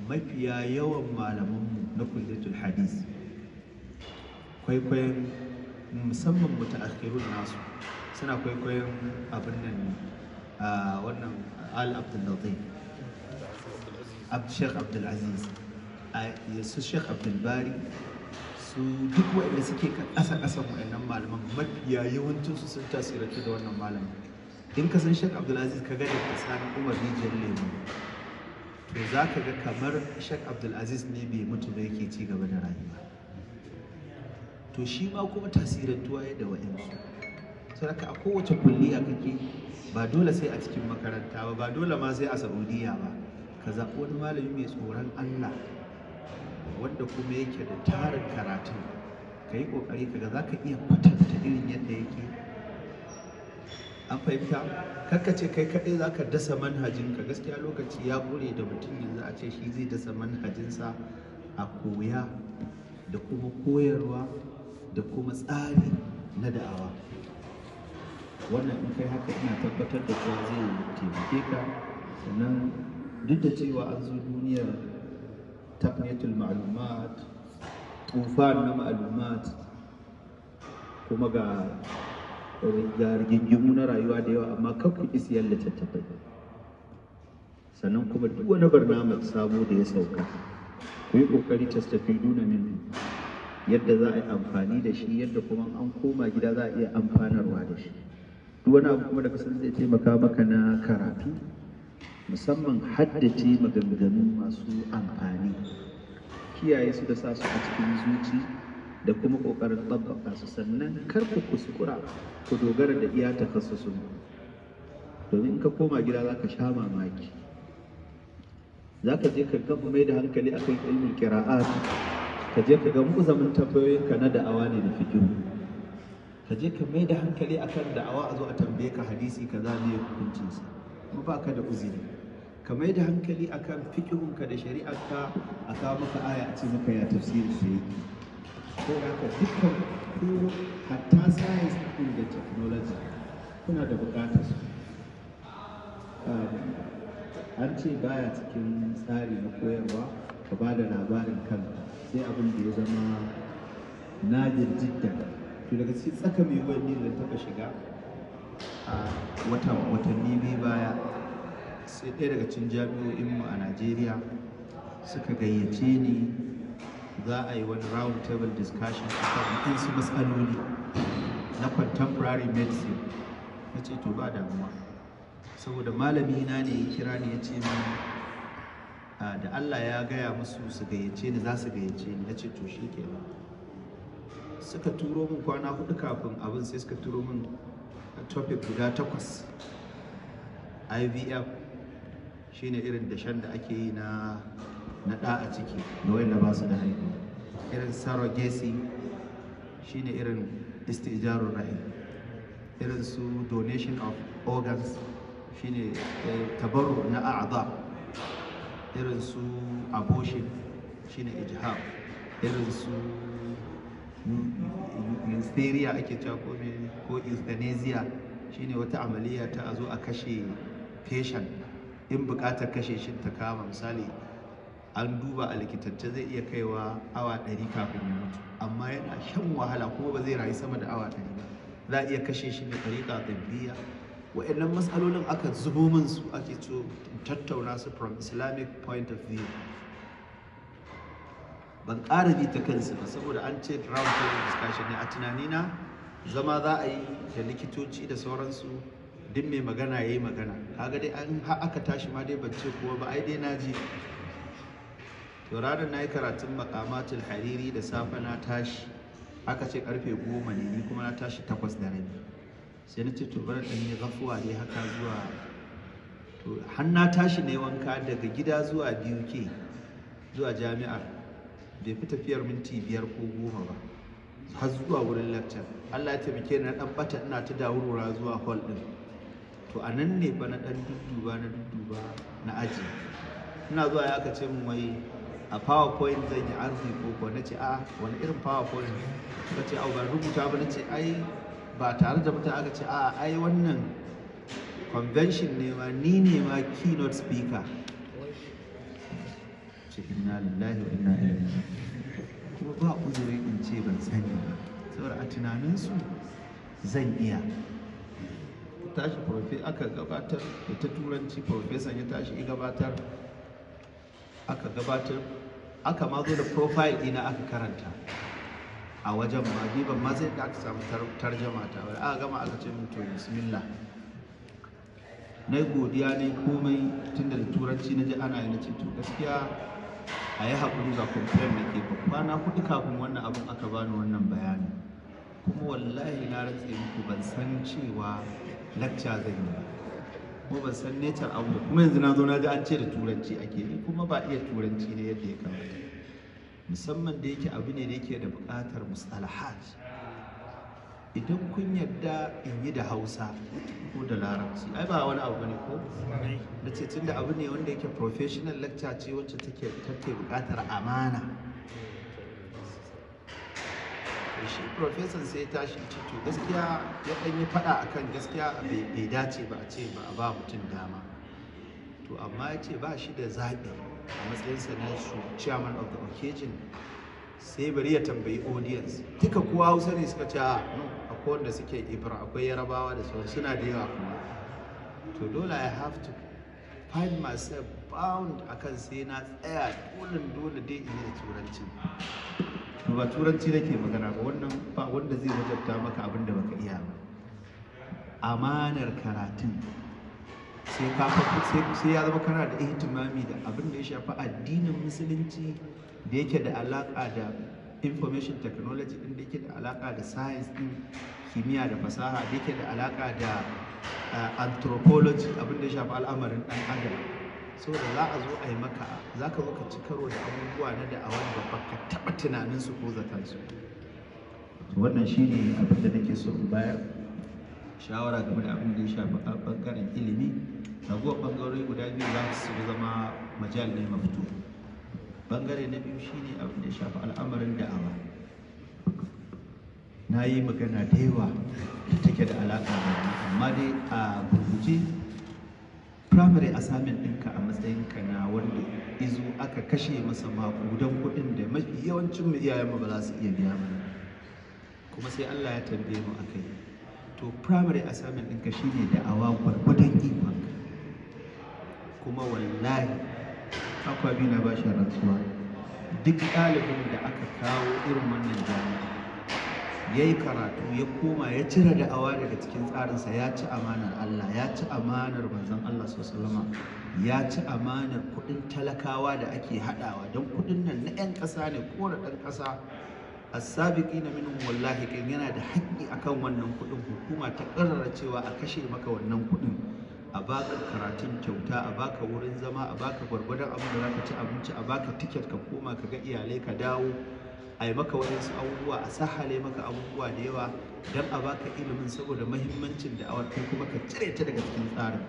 mafiya yawan malamanmu na kulletul hadis kwaikwayon musamman mutaakhirun nasu suna kwaikwayon abin nan wannan al abdullahi sheikh abdulaziz yasu sheikh abdulbari su duk waɗanda suke ƙasa ƙasa waɗannan malaman mafiya yawancin su sun tasirantu da wannan malamin in ka san shek abdulaziz ka ga da tsarin umar rijiyar lemu to za ka ga kamar shek abdulaziz ne bai mutu ba yake ci gaba da rayuwa to shi ma kuma tasirantuwa ya da waɗansu sai a kowace kulliya kake ba dole sai a cikin makaranta ba ba dole ma sai a saudiya ba ka zaɓi wani malami mai tsoron allah wanda kuma yake da tarin karatun ka yi ƙoƙari kaga za ka iya kwatanta irin yadda yake an fahimta kakka ce kai kaɗai za ka dasa manhajinka gaskiya lokaci ya ƙure da mutum yanzu a ce shi zai dasa manhajinsa a koya da kuma koyarwa da kuma tsari na da'awa wannan in kai haka ina tabbatar da kowa zai taimake ka sannan duk da cewa an zo duniyar taqniyatul ma'lumat tufan na ma'lumat kuma ga ga rigingimu na rayuwa da yawa amma kawai ku siyan littattafai sannan kuma duk wani barnamaj sabo da ya sauka ku yi kokari nuna min yadda za a yi amfani da shi yadda kuma an koma gida za a iya amfanarwa da shi duk wani abu kuma da kasan zai taimaka maka na karatu musamman haddace maganganu masu amfani kiyaye su da sa su a cikin zuci da kuma ƙoƙarin ɗabbaka su sannan kar ku kuskura ku dogara da iya takassusun domin ka koma gida za ka sha mamaki za ka je ka gama mai da hankali a kan ilmin kira'at ka je ka ga muzamin tambayoyinka na da'awa ne da fikiru ka je ka mai da hankali a kan da'awa a zo a tambaye ka hadisi ka zane hukuncinsa ba ka da uzuri ka mai da hankali kan fikihunka da shari'arka a kawo maka aya a ce maka ya tafsirin su yi. ko ya ka dukkan ko hatta science din da technology kuna da buƙatar su um, an ce baya cikin tsari na koyarwa ka ba da labarin kan sai abin da ya zama na jiddan to daga cikin tsaka mai wani da taɓa shiga a watanni biyu baya sai ɗaya daga cikin jami'o'inmu a najeriya suka gayyace ni za a yi wani round table discussion a kan su matsaloli na contemporary medicine na ce to ba damuwa saboda malami na ne ya kira ni ya ce min ah, da allah ya gaya musu su gayyace ni za su gayyace ni na ce to shi kenan suka turo min kwana hudu kafin abin sai suka turo min topic guda takwas ivf shine irin dashen da ake yi na na a ciki da wanda ba su da haihuwa irin sarogesi shine irin istijarun rahim irin su donation of organs shine eh, tabarru na a'adha irin su shi shine ijihar irin su hysteria ake cewa ko euthanasia shine wata amaliya ta a zo a kashe patient in bukatar kashe shi ta kama misali an duba a likitacce zai iya kaiwa awa 100 kafin ya mutu amma yana shan wahala kuma ba zai rayu sama da awa 100 ba za a iya kashe shi da tariƙa biya wa'annan matsalolin aka zubo min su ake tattauna su from islamic point of view ban ƙara bi ta kansu ba saboda an ce round table discussion ne a tunanina zama za a yi da likitoci da sauransu duk mai magana ya yi magana kaga dai an aka tashi ma dai ban ce kuwa ba ai dai na ji to ranar na yi karatun makamatul hariri da safe na tashi aka ce karfe goma ne ni kuma na tashi takwas da rabi sai na ce to bar ɗan yi gafuwa dai haka zuwa to har na tashi ne wanka daga gida zuwa biyu ke zuwa jami'ar bai fi tafiyar minti biyar ko goma ba har zuwa wurin lecture Allah ya taimake ni na dan bata ina ta dawurura zuwa hall din to a nan ne ba na dan dudduba na dudduba na aji ina zuwa ya ka ce min wai a powerpoint zan yi arzi ko ko na ce a wani irin powerpoint ka ce a ba rubuta ba na ce ai ba tare da mutum aka ce a ai wannan convention ne ma ni ne ma keynote speaker ce inna lillahi wa inna ilaihi kuma ba uzuri in ce ban sani ba saboda a tunaninsu zan iya tashi profe aka gabatar da ta turanci profesan ya tashi ya gabatar aka gabatar aka ma zo da profile ɗina aka karanta a wajen ma ban ma zai da aka samu tarjama ta wai aka gama aka ce min to bismillah na godiya ne komai tun da turanci na ji ana yi na ce to gaskiya a yi haƙuri ga kwamfiyar da ke na kuɗi kafin wannan abin aka bani wannan bayani kuma wallahi na rantse muku ban san cewa lakca zan yi kuma ban san netar abu kuma yanzu na zo na ji an ce da turanci ake yi kuma ba iya turanci ne yadda ya kamata musamman da yake abu ne da yake da buƙatar musalahaji idan kun yadda in yi da hausa ko da larabci ai ba wani abu ne ko na ce tunda abu ne wanda yake professional lecture ce wacce take take bukatar amana shi professor sai ya tashi ce to gaskiya ya dan yi fada akan gaskiya bai dace ba a ce ba a ba mutum dama to amma ya ce ba shi da zaɓi a matsayinsa na su chairman of the occasion sai bari ya tambayi audience duka kowa hausa ne suka ce ah, no ko wanda suke ibra akwai yarabawa da sauran suna da yawa kuma to dole i have to find myself bound akan sai na tsaya dole dole dai in yi to ba turanci nake magana ba wannan ba wanda zai wajabta maka abin da baka iya ba amanar karatun sai ka sai ya zama kana da ihtimami da abin da ya shafi addinin musulunci da yake da alaka da information technology din da yake da alaka da science din kimiyya da fasaha da yake da alaka da eh, anthropology abin da ya shafi al'amarin dan adam saboda za a zo a yi maka za ka zo ka ci karo da abubuwa na da'awa da ba ka taɓa tunaninsu ko zatansu wannan shi ne abin da nake so in bayar shawara game da abin da ya shafi ɓangaren ilimi ragowar ɓangarori guda biyu za su zama majal ne mafito bangare na biyu shine abin da ya shafi al'amarin da'awa na yi magana da yawa da take da alaƙa da amma dai a gurguje primary assignment ɗinka a matsayinka na wanda izo aka kashe masa maƙudan kuɗin da mafi yawancin mu iyayenmu ba za su iya biya mana kuma sai Allah ya tambaye mu akai to primary assignment ɗinka shine da awa gwargwadon ikonka kuma wallahi akwabi na bashi rantsuwa duk ɗalibin da aka kawo irin wannan jami'a ya yi karatu ya koma ya cire da'awa daga cikin tsarinsa ya ci amanar Allah ya ci amanar manzon Allah sallama ya ci amanar kuɗin talakawa da ake haɗawa don kuɗin nan na 'yan ƙasa ne kowane ɗan ƙasa asabiki na minin wallahi kan yana da haƙƙi akan wannan kuɗin hukuma ta ƙarrara cewa a kashe maka wannan kuɗin a baka karatun kyauta a baka wurin zama a baka gwargwadon abin da zaka ci abinci a baka tiket ka koma ka ga iyalai ka dawo a yi maka waɗansu abubuwa a sahale maka abubuwa da yawa don a baka ilimin saboda mahimmancin da awar kai kuma ka cire ta daga cikin tsarin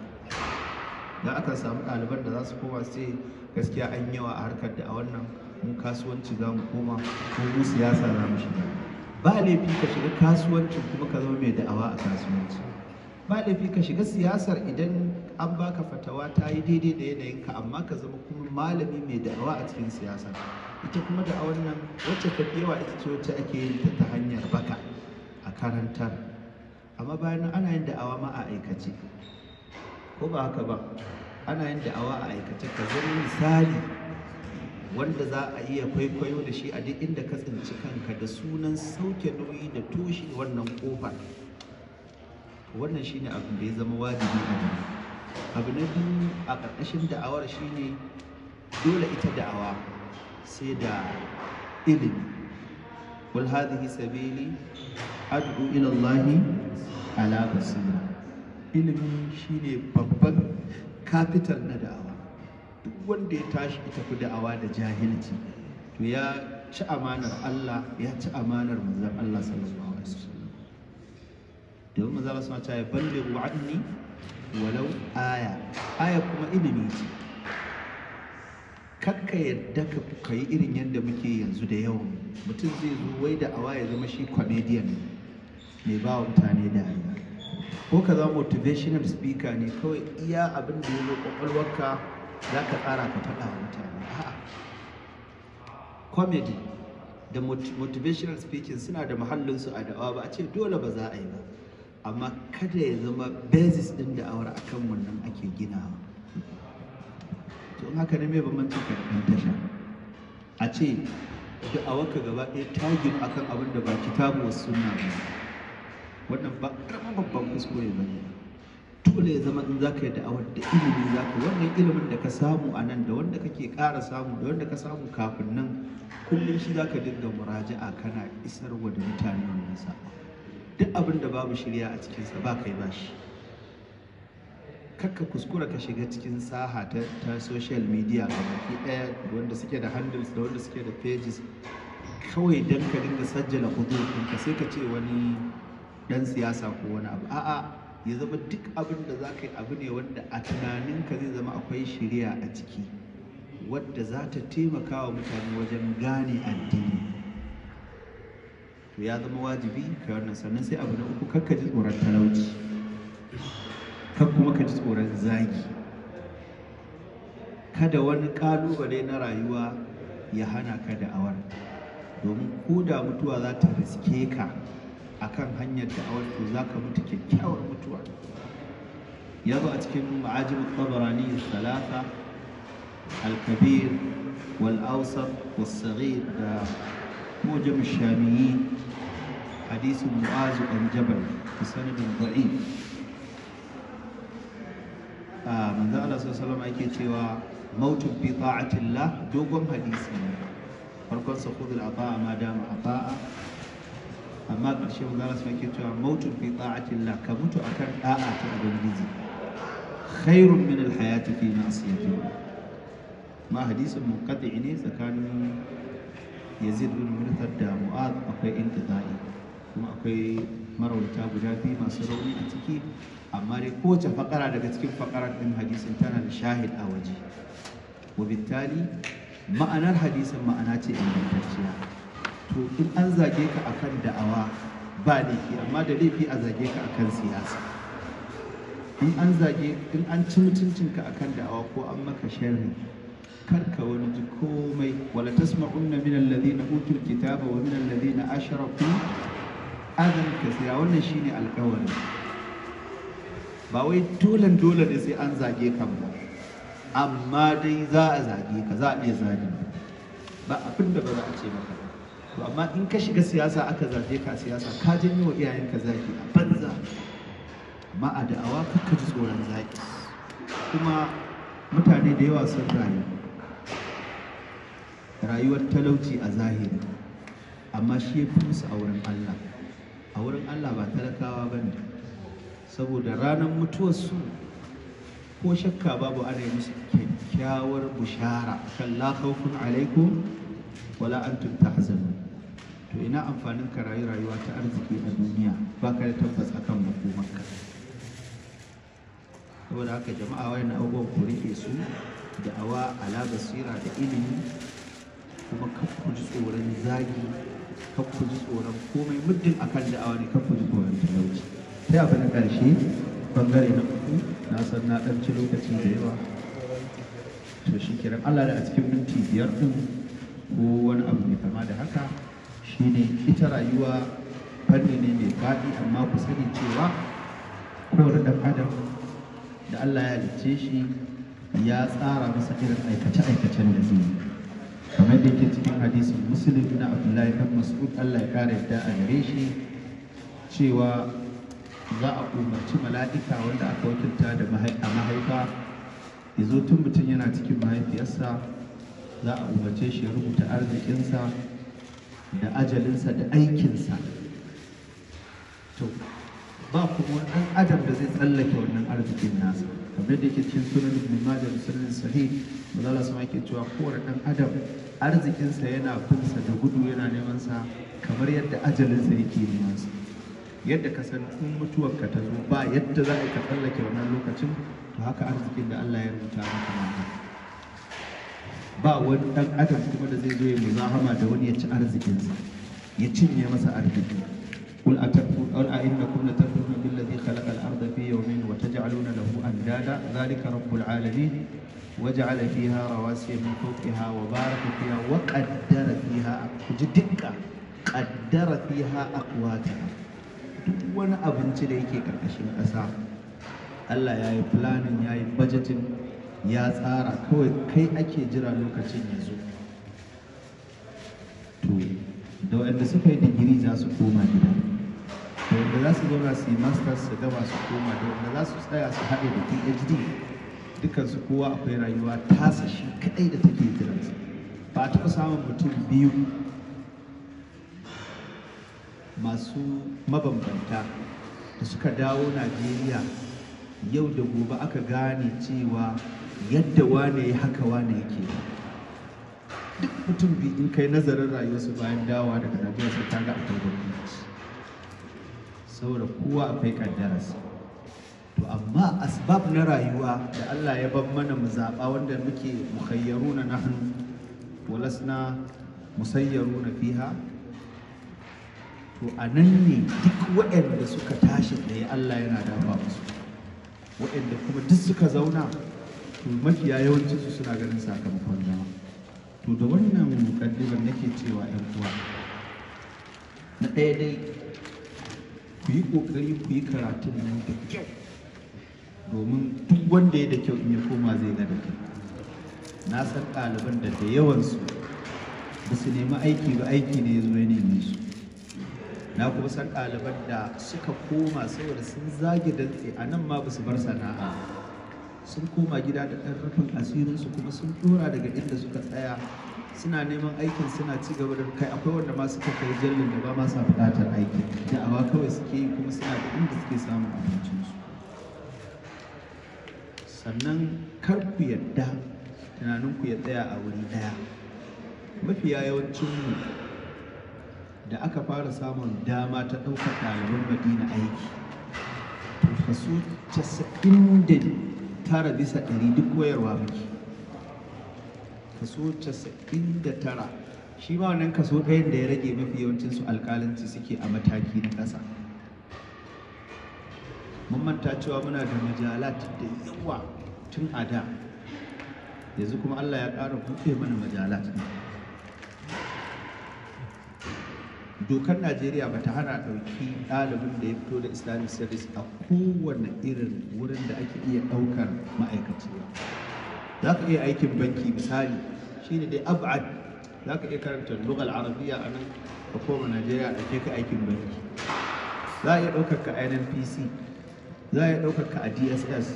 da aka samu ɗaliban da za su koma sai gaskiya an yawa a harkar da a wannan mun kasuwanci za mu koma ko mu siyasa za mu shiga ba laifi ka shiga kasuwancin kuma ka zama mai da'awa a kasuwanci ba ka shiga siyasar idan an baka fatawa ta yi daidai da yanayinka amma ka zama kuma malami mai da'awa a cikin siyasa ita kuma da wannan wacce ta yawa ita ce wacce ake yin ta ta hanyar baka a karantar amma bayan ana yin da'awa ma a aikace ko ba haka ba ana yin da'awa a aikace ka zama misali wanda za a iya kwaikwayo da shi a duk inda ka tsinci kanka da sunan sauke nauyi da toshe wannan kofar wannan shine abin da ya zama wajibi a mu abu na biyu a ƙarƙashin da'awar shine dole ita da'awa sai da ilimi wal هذه sabili ad'u ila allahi ala basira ilimi shine babban kafitar na da'awa duk wanda ya tashi ita fi da'awa da jahilci to ya ci amanar Allah ya ci amanar manzon Allah sallallahu alaihi wasallam domin maza Allah suna cewa ballighu anni walau aya aya kuma ilimi ce kakka yadda ka yi irin yadda muke yanzu da yawan mutum zai zo wai da awa ya zama shi comedian mai ba wa mutane da? ko ka zama motivational speaker ne kawai iya abin da ya zo kwakwalwarka za ka tsara ka faɗa wa mutane comedy da motivational speaking suna da muhallinsu a da'awa ba a ce dole ba za a yi ba amma kada ya zama basis ɗin da awar akan wannan ake ginawa to haka ne mai bambancin karɓar tasha a ce da da'awarka gaba ɗaya ta gina akan abin da ba tabu wasu suna ba wannan ba ƙaramin babban kuskure ba ne dole ya zama in za ka yi da'awar da ilimi za ka wannan ilimin da ka samu a nan da wanda kake ƙara samu da wanda ka samu kafin nan kullum shi za ka dinga muraja'a kana isarwa da mutane wannan sa'a duk abin da babu shirya a cikinsa ba kai ba shi kakka kuskura ka shiga cikin saha ta, ta social media ga baki ɗaya wanda suke da handles da wanda suke da pages kawai don ka dinga sajjala ka sai ka ce wani dan siyasa ko wani abu a'a ya zama duk abin da za ka yi abu ne wanda a tunanin ka zai zama akwai shirya a ciki wadda za ta taimaka wa mutane wajen gane addini to ya zama wajibi ka yi wannan sannan sai abu na uku kakka ji tsoron talauci Kan kuma ka ji tsoron zagi kada wani kalubale na rayuwa ya hana ka da'awar domin ko da mutuwa za ta riske ka akan hanyar da'awar to za ka mutu kyakkyawar mutuwa ya zo a cikin ma'ajin tabarani salasa al wal wasu wal da موجم الشاميي حديث معاذ بن جبل بسند ضعيف manzo Allah sallallahu alaihi yake cewa mautu bi ta'atillah dogon hadisi ne farkon sa khudul ata'a ma dama ata'a amma ƙarshe manzo Allah sallallahu yake cewa mautu bi ta'atillah ka mutu akan da'a ta ubangiji khairun min alhayati fi ma'siyati hadisin munqati ne tsakanin yazid bin mulkar da mu'ad akwai intiza'i kuma akwai marawata guda biyu masu rauni a ciki amma dai kowace fakara daga cikin fakarar din hadisin tana da shahid a waje wabittali ma'anar hadisin ma'ana ce ingantacciya to in an zage ka akan da'awa ba laifi amma da laifi a zage ka akan siyasa in an zage in an ci mutuncinka akan da'awa ko an maka sharri karka wani ji komai wala tasma'unna min alladhina utul kitaba wa min alladhina ashraku adan kasira wannan shine alƙawari ba wai dolan dole ne sai an zage kan ba amma dai za a zage ka za a iya zage ba abin da ba za a ce maka to amma in ka shiga siyasa aka zage ka siyasa ka janyo wa iyayenka zaki a banza amma a da'awa ji tsoron zaki kuma mutane da yawa sun rayu rayuwar talauci a zahiri amma shi ya fi musu a wurin Allah a wurin Allah ba talakawa ba ne saboda ranar mutuwarsu ko shakka babu ana yi musu kyakkyawar bushara kan la alaiku wala an antum hazanu to ina amfanin ka rayu rayuwa ta arziki a duniya ba ka da tabbas akan makomarka saboda haka jama'a wayan abubuwan ku rike su da awa ala basira da ilimi kuma kan ku ji tsoron zagi kan ji tsoron komai muddin akan da'awa ne kan ku ji tsoron talauci sai abu na ƙarshe bangare na uku na san na ɗan lokaci da yawa to shi kiran Allah da a cikin minti biyar ɗin ko wani abu mai kama da haka shine ita rayuwa fanni ne mai faɗi amma ku sani cewa kowane ɗan adam da Allah ya halicce shi ya tsara masa irin aikace-aikacen da zai yi kamar da yake cikin hadisin musulun na abdullahi dan mas'ud Allah ya kare da a gare shi cewa za a umarci mala'ika wanda aka wakilta da mahaifa ya zo tun mutum yana cikin mahaifiyarsa za a umarce shi ya rubuta arzikinsa da ajalinsa da aikinsa ba kuma wani ɗan adam da zai tsallake wannan arzikin nasa kamar da yake cikin sunan ibn majah da sunan sahih manzala sama ke cewa kowane ɗan adam arzikinsa yana kunsa da gudu yana neman sa kamar yadda ajalinsa yake neman sa yadda ka san in mutuwarka ta zo ba yadda za a ka tsallake wannan lokacin to haka arzikin da Allah ya rubuta maka ba wani ɗan adam kuma da zai zo ya muzahama da wani ya ci arzikinsa ya cinye masa arziki قل أئنكم لتكفرون بالذي خلق الأرض في يومين وتجعلون له أندادا ذلك رب العالمين وجعل فيها رواسي من فوقها وبارك فيها وقدر فيها جدك قدر فيها أقواتها duk wani abinci da yake ƙarƙashin ƙasa Allah ya yi planning ya yi budgeting ya tsara kawai kai ake jira lokacin ya zo to da waɗanda suka yi digiri za su koma gida da wanda za su zauna su yi masters su gama su koma da wanda za su tsaya su haɗe da phd dukkan su kowa akwai rayuwa tasa shi kaɗai da take jiransa ba a taɓa samun mutum biyu masu mabambanta da suka dawo najeriya yau da gobe aka gane cewa yadda wane ya haka wane yake duk mutum biyu in kai nazarin rayuwarsu bayan dawa daga najeriya sai ta ga akwai gwamnati saboda kowa akwai kaddararsa to amma asbab na rayuwa da Allah ya ban mana mu zaɓa wanda muke mukhayyaruna nahnu walasna musayyaruna fiha to a nan ne duk waɗanda suka tashi ya Allah yana dafa musu waɗanda kuma duk suka zauna to mafiya yawancinsu su suna ganin sakamakon zama to da wannan mukaddimar nake cewa 'yan uwa na ɗaya dai ku yi ƙoƙari ku yi karatun nan da kyau domin duk wanda ya da kyau in ya koma zai ga da kyau na san ɗaliban da da yawansu ba su nemi aiki ba aiki ne ya zo ya neme su na kuma san ɗaliban da suka koma saboda sun zage dantse a nan ma ba su bar sana'a sun koma gida da ɗan rufin asirinsu kuma sun ɗora daga inda suka tsaya suna neman aikin suna ci gaba da kai akwai wanda ma suka kai jallin da ba ma sa buƙatar aiki da awa kawai suke yi kuma suna da inda suke samun abincinsu sannan kar ku yadda tunaninku ya tsaya a wuri ɗaya mafiya mu da aka fara samun dama ta ɗaukar ɗaliban madina aiki kaso casa'in da tara bisa ɗari duk koyarwa muke kaso 99 shi ma wannan kaso ɗayan da ya rage mafi yawancin su alƙalanci suke a mataki na ƙasa mun manta cewa muna da majalat da yawa tun a da yanzu kuma Allah ya ƙara buɗe mana majalat dokar najeriya ba ta hana ɗauki ɗalibin da ya fito da islamic service a kowane irin wurin da ake iya ɗaukar ma'aikaci ba za ka iya aikin banki misali shine dai ab'ad za ka iya karanta lugal arabiya a nan ka koma najeriya ke ka aikin banki za a iya ɗaukar ka nnpc za a iya ɗaukar ka a dss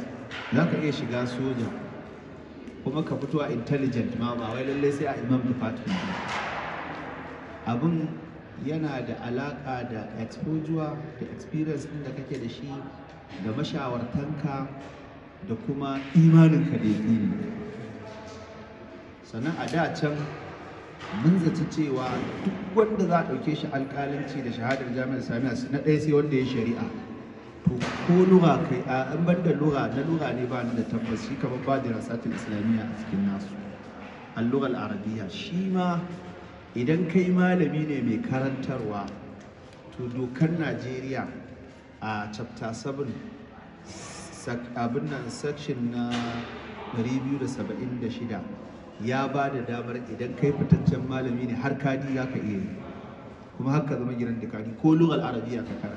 za ka iya shiga soja kuma ka fito a intelligent ma ba wai lallai sai a imam department abin yana da alaƙa da exposure da experience ɗin da kake da shi da mashawartanka da kuma imaninka da yaƙini sannan a da can mun zaci cewa duk wanda za a ɗauke shi alkalanci da shahadar jami'ar samia na ɗaya sai wanda ya shari'a to ko lura kai a an ban da lura na lura ne ba ni da tabbas shi kamar ba dirasatul islamiyya a cikin nasu allurar arabiya shi ma idan kai malami ne mai karantarwa to dokar najeriya a chapter 7 abin nan section na 276 ya ba da damar idan kai fitaccen malami ne har kadi za ka iya yi kuma haka zama gidan da kadi ko lugal arabiya ka kara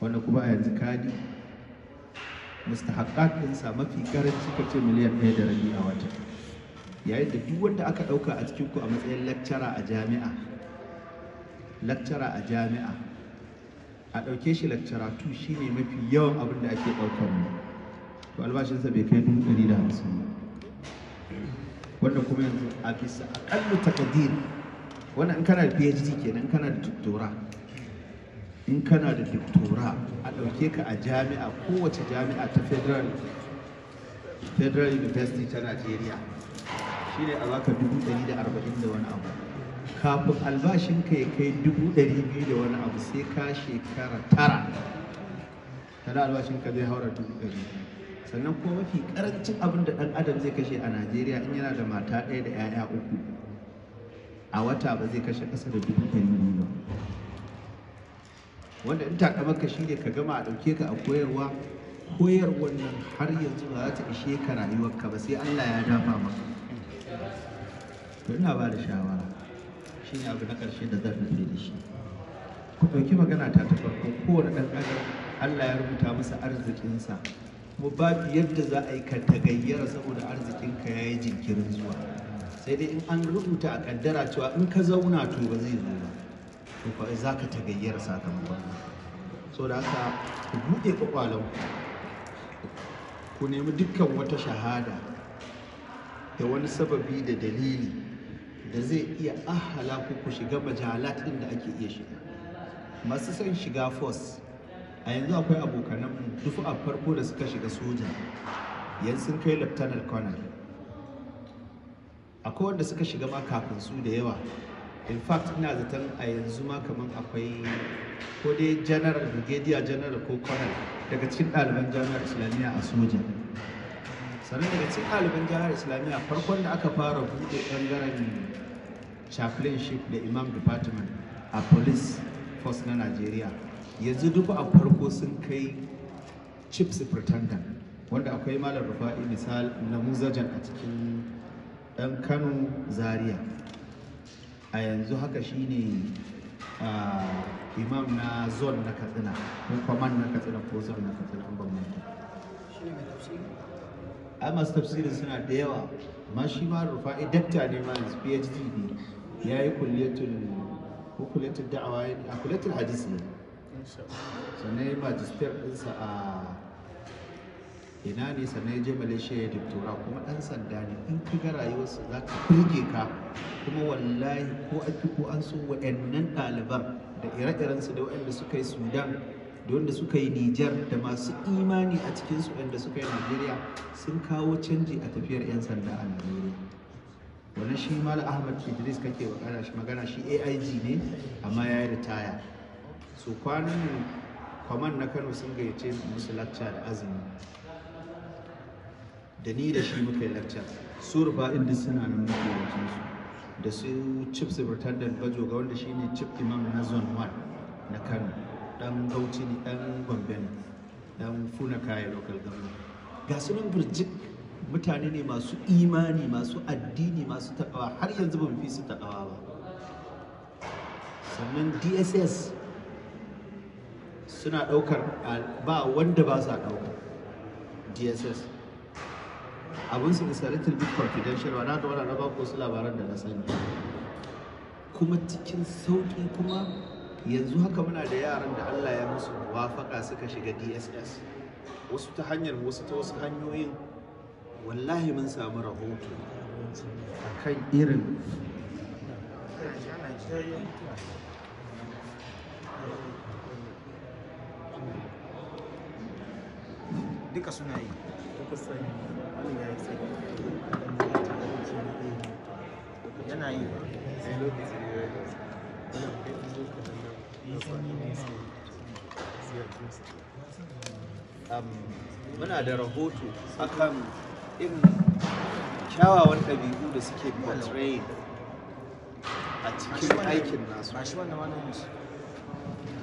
wanda kuma a yanzu kadi musta ɗinsa mafi karanci ka ce miliyan ɗaya da rabi a wata yayin da duk wanda aka ɗauka a cikin ku a matsayin lakcara a jami'a lakcara a jami'a a ɗauke shi lakcaratu shi ne mafi yawan abin da ake ɗaukar mu to albashinsa bai kai dubu ɗari da hamsin wanda kuma yanzu a bisa aƙalla takadir wanda in kana da phd kenan kana da doktora in kana da doktora a ɗauke ka a jami'a kowace jami'a ta federal federal university ta najeriya shi ne a baka dubu ɗari da arba'in da wani abu kafin albashinka ya kai dubu ɗari biyu da wani abu sai ka shekara tara albashin albashinka zai haura dubu ɗari sannan kuma mafi karancin abin da ɗan adam zai kashe a najeriya in yana da mata ɗaya da 'ya'ya uku a wata ba zai kashe ƙasa da dubu ɗari biyu ba wanda in takamarka shi ne ka gama a ɗauke ka a koyarwa koyarwar nan har yanzu ba za ta ishe ka rayuwarka ba sai allah ya dafa maka to ina ba da shawara shi ne abu na ƙarshe da zan rufe da shi ku ɗauki magana ta ta farko kowane ɗan adam Allah ya rubuta masa arzikinsa kuma babu yadda za a yi ka tagayyara saboda arzikinka ya yi jinkirin zuwa sai dai in an rubuta a kaddara cewa in ka zauna to ba zai zo ba to ba za ka tagayyara sakamakon so da haka ku buɗe kwakwalen ku nemi dukkan wata shahada da wani sababi da dalili da zai iya ahala ku ku shiga majalat ɗin da ake iya shiga masu son shiga force a yanzu akwai abokanan dufu a farko da suka shiga soja yanzu sun kai lieutenant colonel akwai wanda suka shiga ma kafin su da yawa in fact ina zaton a yanzu ma kamar akwai ko dai general brigadier general ko colonel daga cikin ɗaliban jami'ar islamiyya a soja sannan daga cikin ɗaliban jihar islamiyya farkon da aka fara buɗe ɓangaren chaplainship da imam department a police force na najeriya yanzu duk a farko sun kai chief superintendent wanda akwai malam rufa'i misal na muzajan a cikin ɗan kano zaria a yanzu haka shine imam na zone na katsina ko kwaman na katsina ko zone na katsina an ban tafsiri ai masu tafsirin suna da yawa amma shi ma rufa'i dakta ne ma yanzu phd ne ya yi kulliyatul kulliyatul da'awa a kulliyatul hadis ne sannan ya yi magister ɗinsa a ina ne sannan ya je malaysia ya doktora kuma ɗan sanda ne in ka ga rayuwarsa za ka burge ka kuma wallahi ko an ko an so wa'annan ɗaliban da ire-irensu da wa'anda suka yi sudan da wanda suka yi Nijar da masu imani a cikinsu wanda suka yi Najeriya sun kawo canji a tafiyar 'yan sanda a Najeriya. Wani shi Mal Ahmad Idris kake magana shi magana shi AIG ne amma ya yi ritaya. So kwanan kwaman na Kano sun gayyace musu lakca da azumi. Da ni da shi muka yi lacca. Su rufa inda suna nan muke yawancin su. Da su Chief Superintendent ga wanda shi ne Chief Imam na Zone 1 na Kano. dan bauchi ne dan gombe ne dan funa kaya local government ga su nan birjik mutane ne masu imani masu addini masu taɓawa har yanzu ban fi su takawa ba sannan dss suna ɗaukar ba wanda ba sa ɗaukar dss abin su is a little bit confidential wa na da wani na ba su labaran da na sani kuma cikin sauki kuma yanzu haka muna da yaran da Allah ya musu wafaka suka shiga DSS wasu ta hanyar wasu ta wasu hanyoyin wallahi mun samu rahoto a kan irin duka suna yi yana yi muna da rahoto akan irin kyawawan ɗabi'u da suke portraying a cikin aikin nasu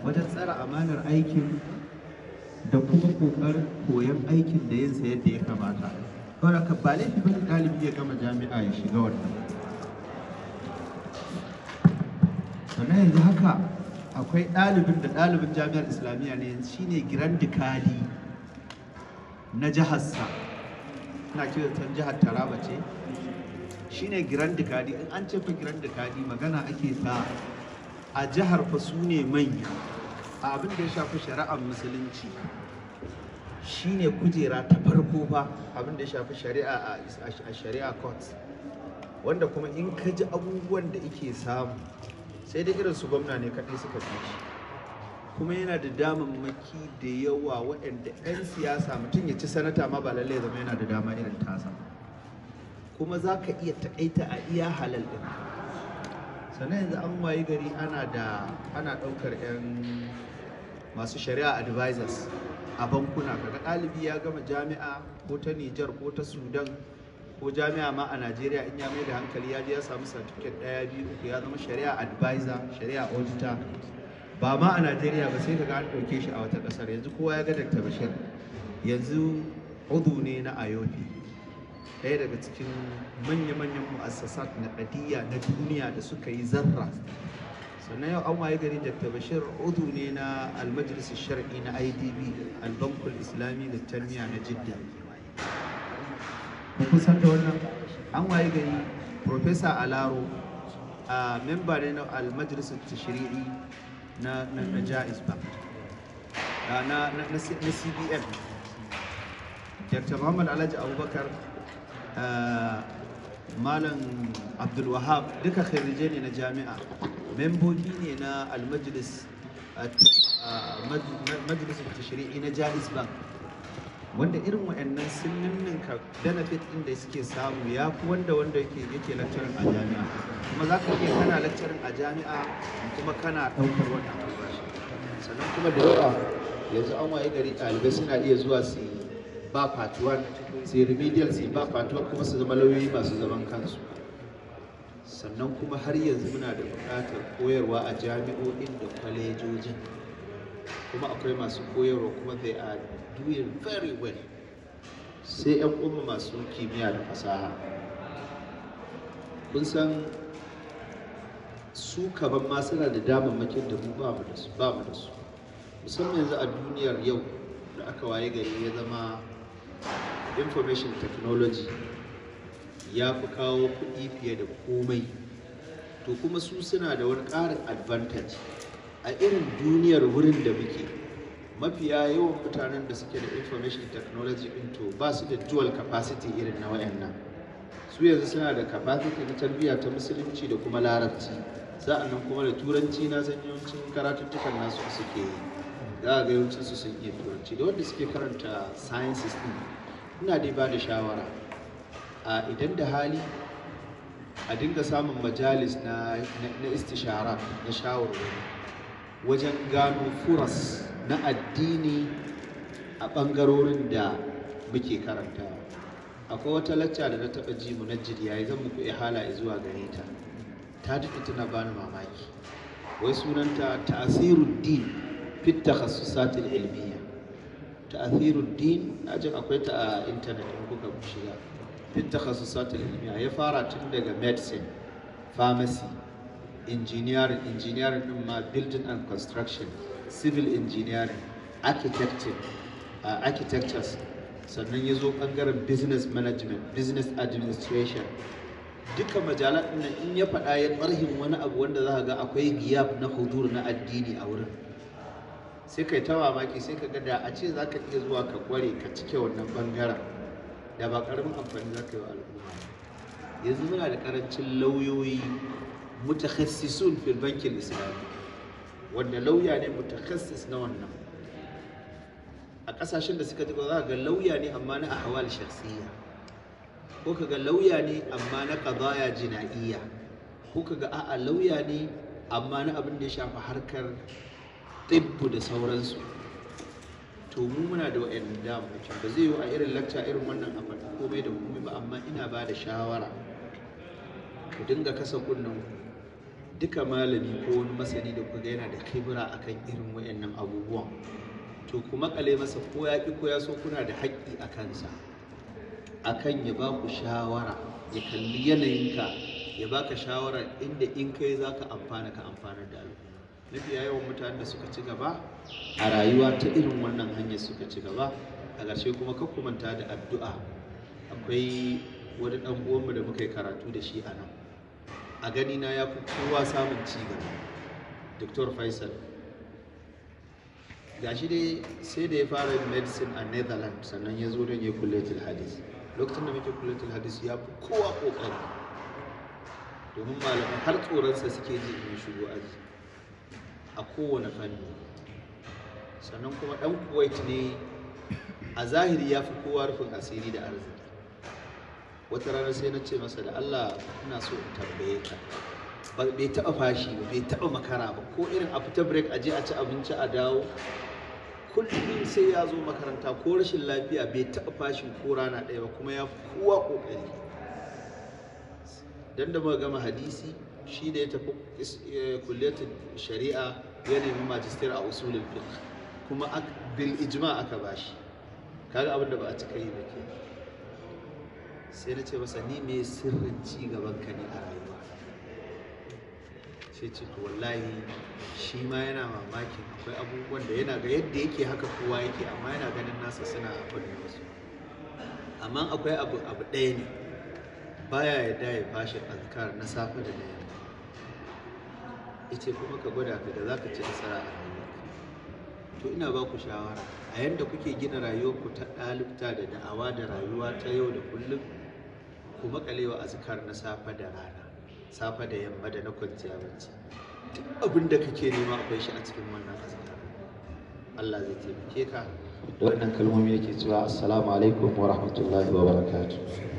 wajen tsara amanar aikin da kuma kokar koyon aikin da yinsa yadda ya kamata kawai ka ba laifin ɗalibi ya gama jami'a ya shiga wannan sannan yanzu haka akwai ɗalibin da ɗalibin jami'ar islamiyya ne ne giran kali na jiharsa ina kirtan jihar taraba ce ne giran kali in an ce fa girandi kali magana ake sa a jihar fa su ne manya a abin da ya shafi shari'ar musulunci Shi ne kujera ta farko ba abin da ya shafi shari'a a shari'a court wanda kuma in ka ji abubuwan da ike samu sai da irin su gwamna ne kaɗai suka fi shi kuma yana da damammaki da yawa waɗanda 'yan siyasa mutum ya ci sanata ma ba lallai zama yana da dama irin tasa kuma za ka iya taƙaita a iya halal ɗin sannan yanzu an wayi gari ana da ana ɗaukar 'yan masu shari'a advisors a bankuna kaga ɗalibi ya gama jami'a ko ta nijar ko ta sudan ko jami'a ma a najeriya in ya mai da hankali ya je ya samu certificate ɗaya biyu uku ya zama shari'a advisor shari'a auditor ba ma a najeriya ba sai ka ga an ɗauke shi a wata kasar yanzu kowa ya ga dr bashir yanzu udu ne na ayofi ɗaya daga cikin manya-manyan mu'assasat na ƙadiyya na duniya da suka yi zarra sannan yau an waye gari dr bashir udu ne na almajalisar shar'i na idb albankul islami da talmiya na jidda kusan da wannan an waye gari profesa alaro a memba ne na almajalisar tashiri'i na na jais ba na cbn dr muhammad alhaji abubakar malam abdulwahab duka khairije ne na jami'a membobi ne na almajalis majalisar tashiri'i na jais bank wanda irin wa'annan sun ninninka benefit ɗin da suke samu ya fi wanda wanda yake lakcarin a jami'a kuma za ka iya kana lakcarin a jami'a kuma kana ɗaukar wannan albashi sannan kuma da yawa yanzu an waye gari ɗalibai suna iya zuwa su ba fatuwa su remedial su ba fatuwa kuma su zama lauyoyi masu zaman kansu sannan kuma har yanzu muna da buƙatar koyarwa a jami'o'in da kwalejojin kuma akwai masu koyarwa kuma they are doing very well sai 'yan umma masu kimiyya da fasaha kun san su kaban ma suna da damammakin da mu da ba mu da su musamman yanzu a duniyar yau da aka waye gari ya zama information technology ya fi kawo kuɗi fiye da komai to kuma su suna da wani ƙarin advantage a irin duniyar wurin da muke mafiya yawan mutanen da suke da information technology din ba su da dual capacity irin na wayannan su yanzu suna da capacity na tarbiyya ta musulunci da kuma larabci sa'annan kuma da turanci na san yawancin karatuttukan nasu suke yi za a ga yawancin su sun iya turanci da wanda suke karanta sciences din ina dai ba da shawara a idan da hali a dinga samun majalis na istishara na shawarwari wajen gano furas na addini a ɓangarorin da muke karanta, akwai wata lacca da na taɓa ji munajjid ya yi zan muku ihala zuwa gare ta ta duka tana bani mamaki wai sunanta ta'asirud din fit satin ilmiya ta'asirud din ajin akwai ta a intanet in kuka shiga fit satin ilmiya ya fara tun daga medicine pharmacy engineering engineering in ma building and construction civil engineering architecture uh, architectures sannan ya zo ɓangaren business management business administration duka majala nan in ya faɗa ya wani abu wanda za ga akwai giyab na hudur na addini a wurin sai kai ta mamaki sai ka gada a ce za ka iya zuwa ka kware ka cike wannan ɓangaren. da ba ƙaramin amfani za ka wa al'umma yanzu muna da ƙarancin lauyoyi mutakhassisun fil bankin islami wanda lauya ne mutakhassis na wannan a kasashen da suka ji ba za ga lauya ne amma na ahwal shakhsiyya ko ka ga lauya ne amma na qadaya jina'iyya ko ka ga a'a lauya ne amma na abin da ya shafa harkar tibbu da sauransu to mu muna da wa'annan damakin ba zai yi a irin lacca irin wannan a faɗi komai da komai ba amma ina ba da shawara ku dinga kasa kunnen ku duka malami ko wani masani da kuka yana da kibira akan irin wayannan abubuwan to kuma makale masa ko ya ki ko ya so kuna da haƙƙi a kansa akan ya ba ku shawara ya kalli yanayinka ya baka shawara inda in kai za ka amfana ka amfanar da al'umma mafiya yawan mutanen da suka ci gaba a rayuwa ta irin wannan hanyar suka ci gaba a ƙarshe kuma ka manta da addu'a akwai wani ɗan da muka yi karatu da shi a nan a gani na ya fi kowa samun ci dr faisal gashi dai sai da ya fara medicine a netherlands sannan ya zo don ya kullatul hadis lokacin da muke kullatul hadis ya fi kowa kokari domin malaman har tsoronsa suke ji in shigo aji a kowane fanni sannan kuma dan kuwait ne a zahiri ya fi kowa rufin asiri da arziki wata rana sai na ce masa da Allah ina so in tambaye ka bai taba fashi ba bai taba makara ba ko irin a fita break a je a ci abinci a dawo kullum sai ya zo makaranta ko rashin lafiya bai taba fashin ko rana ɗaya ba kuma ya fi kowa kokari dan da muka gama hadisi shi da ya tafi eh, kulliyatul shari'a ya nemi majistar a usulul fiqh kuma bil ijma aka bashi kaga abin da ba a cika yi ba kenan sai na ce masa ni mai sirrin ci gaban ka ne a rayuwa sai ce to wallahi shi ma yana mamaki akwai abubuwan da yana ga yadda yake haka kowa yake amma yana ganin nasa suna da wasu amma akwai abu abu ɗaya ne baya ya ya fashe azkar na safe da na yamma ita kuma ka gwada ka da za ka ci nasara a rayuwarka to ina ba ku shawara a yadda kuke gina ku ta ɗalibta da da'awa da rayuwa ta yau da kullum ku makalewa azkar na safa da rana safa da yamma da na kwanciya bacci duk abin da kake nema akwai shi a cikin wannan azkar Allah zai taimake ka da waɗannan kalmomi yake cewa assalamu alaikum wa rahmatullahi wa barakatuh